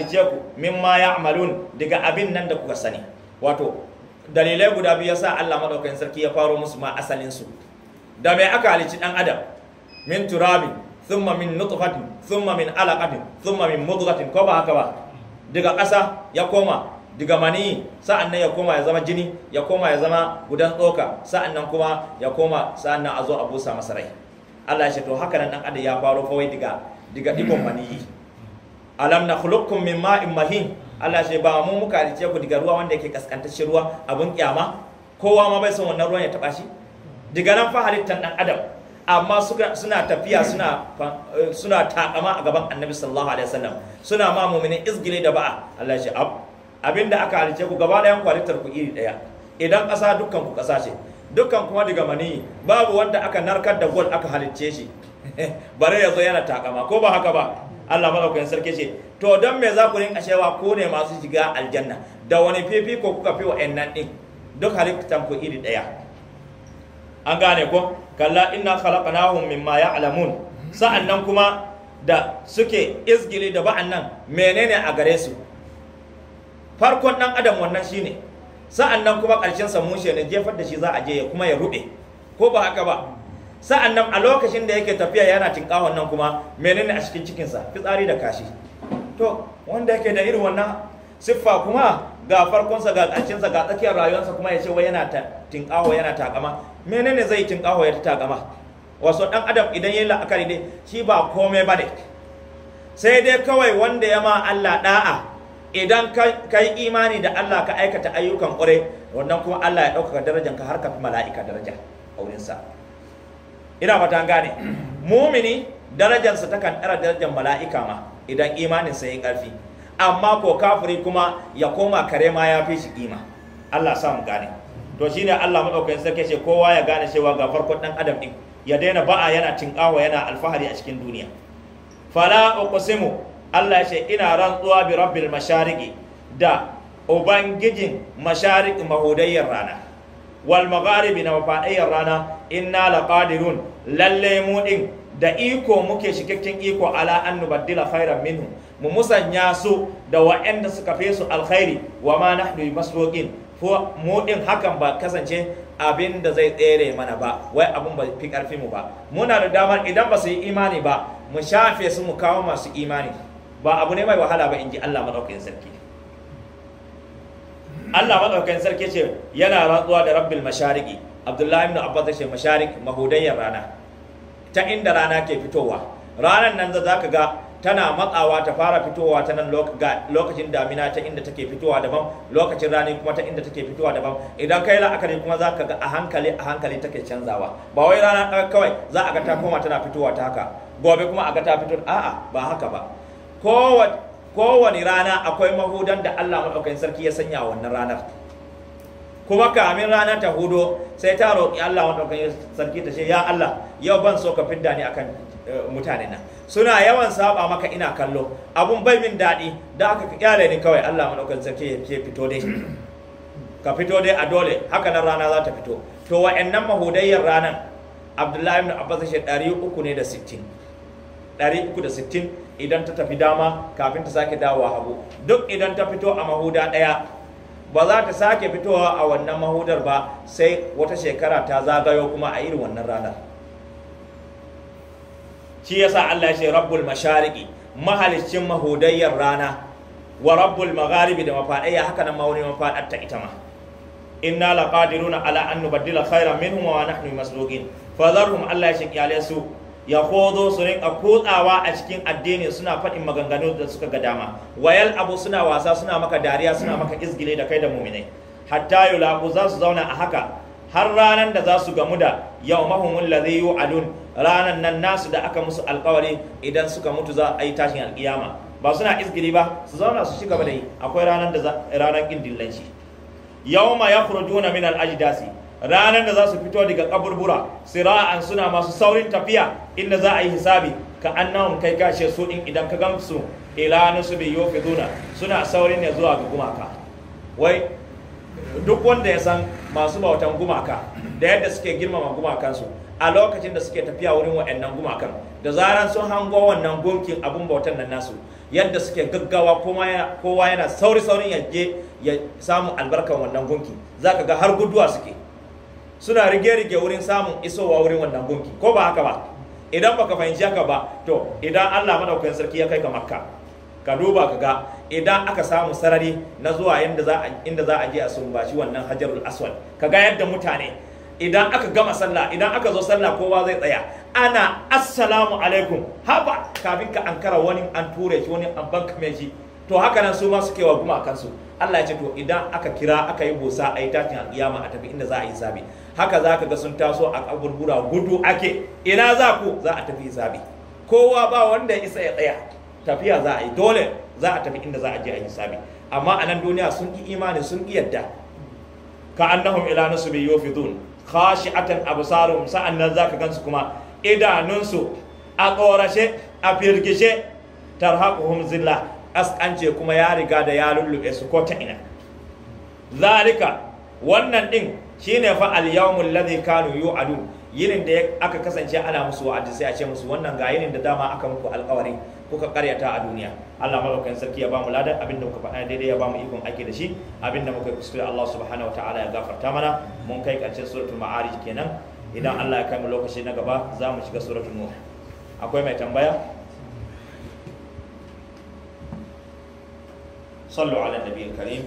mimma ya'malun daga abin nan da kuka sani wato dalilai guda biyu yasa Allah madaukakin sarki ya faro musu ma asalin su da mai aka halici dan adam min turabi thumma min nutfatin thumma min alaqatin thumma min mudghatin ko ba haka ba daga ƙasa ya koma daga mani nan ya koma ya zama jini ya koma ya zama gudan tsoka nan kuma ya koma sa'annan a zo a busa masarai. Allah ya ce to haka nan dan ya faro kawai diga diga digon mani alam na khuluqukum min ma'in mahin Allah ya ce ba mu muka rice ku diga ruwa wanda yake kaskantacce ruwa abun kiyama kowa ma bai son wannan ruwan ya taba shi diga nan fa halittar dan adam amma suna tafiya suna eh, takama a gaban annabi sallallahu alaihi wasallam suna ma mu'minin izgile da ba'a Allah ya ab abinda aka halice ku gaba da ku halittar ku iri ɗaya idan ƙasa dukkan ku ƙasa ce dukkan kuma daga mani babu wanda aka narkar da gol aka halicce shi bare ya zo yana takama ko ba haka ba Allah madaukakin sarki ce to don me za ku rinka cewa ko ne masu shiga aljanna da wani fifiko kuka fi nan din duk halittan ku iri daya an gane ko kalla inna khalaqnahum mimma ya'lamun nan kuma da suke izgili da ba'an nan menene a gare su farkon dan adam wannan shine sa'an nan kuma ƙarshen sa mushe ne jefar da shi za a je ya kuma ya rube ko ba haka ba sa'an nan a lokacin da yake tafiya yana tinƙawon nan kuma menene a cikin cikinsa fitsari da kashi to wanda yake da irin wannan siffa kuma ga farkonsa ga ƙarshensa ga tsakiyar rayuwarsa kuma ya ce wai yana tinƙawo yana takama menene zai tinƙawo ya takama wasu dan adam idan ya yi la'akari ne shi ba komai ba ne sai dai kawai wanda ya ma Allah ɗa'a. idan ka yi imani da Allah ka aikata ayyukan ƙwarai wannan kuma Allah ya ɗaukaka darajan ka har ka fi mala'ika daraja a wurinsa ina fata gane mumini darajarsa kan ɗara darajan mala'ika ma idan imaninsa ya yi ƙarfi amma ko kafiri kuma ya koma kare ma ya fi shi kima Allah sa mu gane to shine Allah madaukakin sarki ce kowa ya gane cewa ga farkon dan adam din ya daina ba'a yana tinkawa yana alfahari a cikin duniya fala uqsimu Allah ya ce ina rantsuwa bi rabbil mashariqi da ubangijin masharik mahudayyar rana wal magharibi na mafadayyar rana inna laqadirun lalle mu din da iko muke shikakken iko ala an nubaddila khairan minhu mu musanya su da wa'anda suka fi su alkhairi wa ma nahnu bimasruqin ko mu din hakan ba kasance abin da zai tsere mana ba wai abin ba fi karfi mu ba muna da damar idan ba su yi imani ba mu shafe su mu kawo masu imani ba abu ne mai wahala ba in ji Allah madaukakin sarki Allah madaukakin sarki ce yana ratsuwa da rabbil mashariqi Abdullahi ibn Abbas ce mashariq mahudayyar rana ta inda rana ke fitowa Ranar nan za ka ga tana matsawa ta fara fitowa ta nan lokacin damina ta inda take fitowa daban lokacin rani kuma ta inda take fitowa daban idan kai la'akari kuma za ka ga a hankali a hankali take canzawa ba wai rana kawai za a ga ta koma tana fitowa ta haka gobe kuma a ga ta fito a'a ba haka ba kowane rana akwai mahudan da Allah maɗaukakin sarki ya sanya wannan ranar kuma kamin ranar ta hudo sai ta roƙi Allah maɗaukakin sarki ta ce ya Allah yau ban so ka fidda ni akan eh, mutane na suna yawan saba maka ina kallo abun bai min daɗi da aka kyale ni kawai Allah maɗaukakin sarki ya fito dai ka fito dai a dole haka nan rana za ta fito to wa'annan mahudayyar ranar Abdullahi ibn Abbas shi 360 360 idan ta tafi dama kafin ta sake dawowa hagu duk idan ta fito a mahuda ɗaya ba za ta sake fitowa a wannan mahudar ba sai wata shekara ta zagayo kuma a irin wannan ranar shi yasa Allah ya ce rabbul mashariki mahaliccin mahudayyar rana wa rabbul magharibi da mafaɗayya haka nan ma wani mafadar ta ita ma inna laqadiruna ala an nubaddila khairan minhum wa nahnu fa zarhum Allah ya shaqi su. ya kodo su rinka kotsawa a cikin addini suna faɗin maganganu da suka ga dama wayal abu suna wasa suna maka dariya suna maka izgile da kai da muminai hatta yulaku za su zauna a haka har ranar da za su gamu da yau mahimmin lazai yi alun ranar nan nasu da aka musu alkawari idan suka mutu za a yi tashin alkiyama ba suna izgili ba su zauna su ci gaba da akwai ranar da ranar ƙin dillanci yau ma ya furjuna min al'ajidasi ranar da za su fito daga kaburbura sira'an suna masu saurin tafiya inda za a yi hisabi ka annahum kai kashe su in idan ka gamsu ila nusubi yufiduna suna saurin ne zuwa ga gumaka wai duk wanda ya san masu bautan gumaka da yadda suke girmama gumakansu a lokacin da suke tafiya wurin wa'annan gumakan da zaran sun hango wannan gunkin abun bautan nan nasu yadda suke gaggawa kowa yana sauri saurin ya ya samu albarkan wannan gunki ka ga har guduwa suke suna rige-rige wurin samun isowa wurin wannan gunki ko ba haka ba idan baka fahimci haka ba to idan Allah madaukakin sarki ya kai ka makka ka duba ka ga idan aka samu sarari na zuwa inda za inda za a je a sumbaci wannan hajarul aswad ka ga yadda mutane idan aka gama sallah idan aka zo sallah kowa zai tsaya ana assalamu alaikum haba kafin ka ankara wani an ture shi wani an banka meji to haka nan su ma suke wa kansu Allah ya ce to idan aka kira aka yi bosa a yi takin alƙiyama a tafi inda za a yi zabi haka za ka ga sun taso a kaburbura gudu ake ina za ku za a tafi zabi kowa ba wanda ya isa ya tsaya tafiya za a yi dole za a tafi inda za a je a yi zabi amma a nan duniya sun ki imani sun ki yadda ka annahum ila nasubi yufidun khashi'atan absarum sa'an nan za ka gansu kuma idanunsu a ƙorashe a firgishe tarhaquhum zilla askance kuma ya riga da ya lullube su ko ta ina zalika wannan din shine fa al-yawmul ladhi kanu yu'adu yinin da aka kasance ana musu wa'adi sai a ce musu wannan ga yinin da dama aka muku alƙawari kuka karyata a duniya Allah madaukakin sarki ya bamu ladan abin da muka faɗa daidai ya bamu ikon ake da shi Abin da muka kuskure Allah subhanahu ta'ala ya gafarta mana mun kai karshen suratul ma'arij kenan idan Allah ya kai mu lokaci na gaba za mu shiga suratul nuh akwai mai tambaya صلوا على النبي الكريم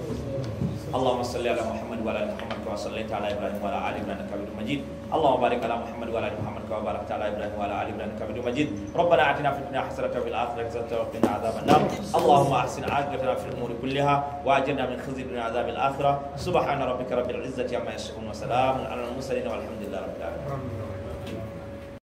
اللهم صل على محمد وعلى ال محمد كما صليت على ابراهيم وعلى ال ابراهيم انك حميد مجيد اللهم بارك على محمد وعلى ال محمد كما باركت على ابراهيم وعلى ال ابراهيم انك حميد مجيد ربنا اعطنا في الدنيا حسنه وفي الاخره حسنه وقنا عذاب النار اللهم احسن عاقبتنا في الامور كلها واجرنا من خزي الدنيا عذاب الاخره سبحان ربك رب العزه عما يصفون وسلام على المرسلين والحمد لله رب العالمين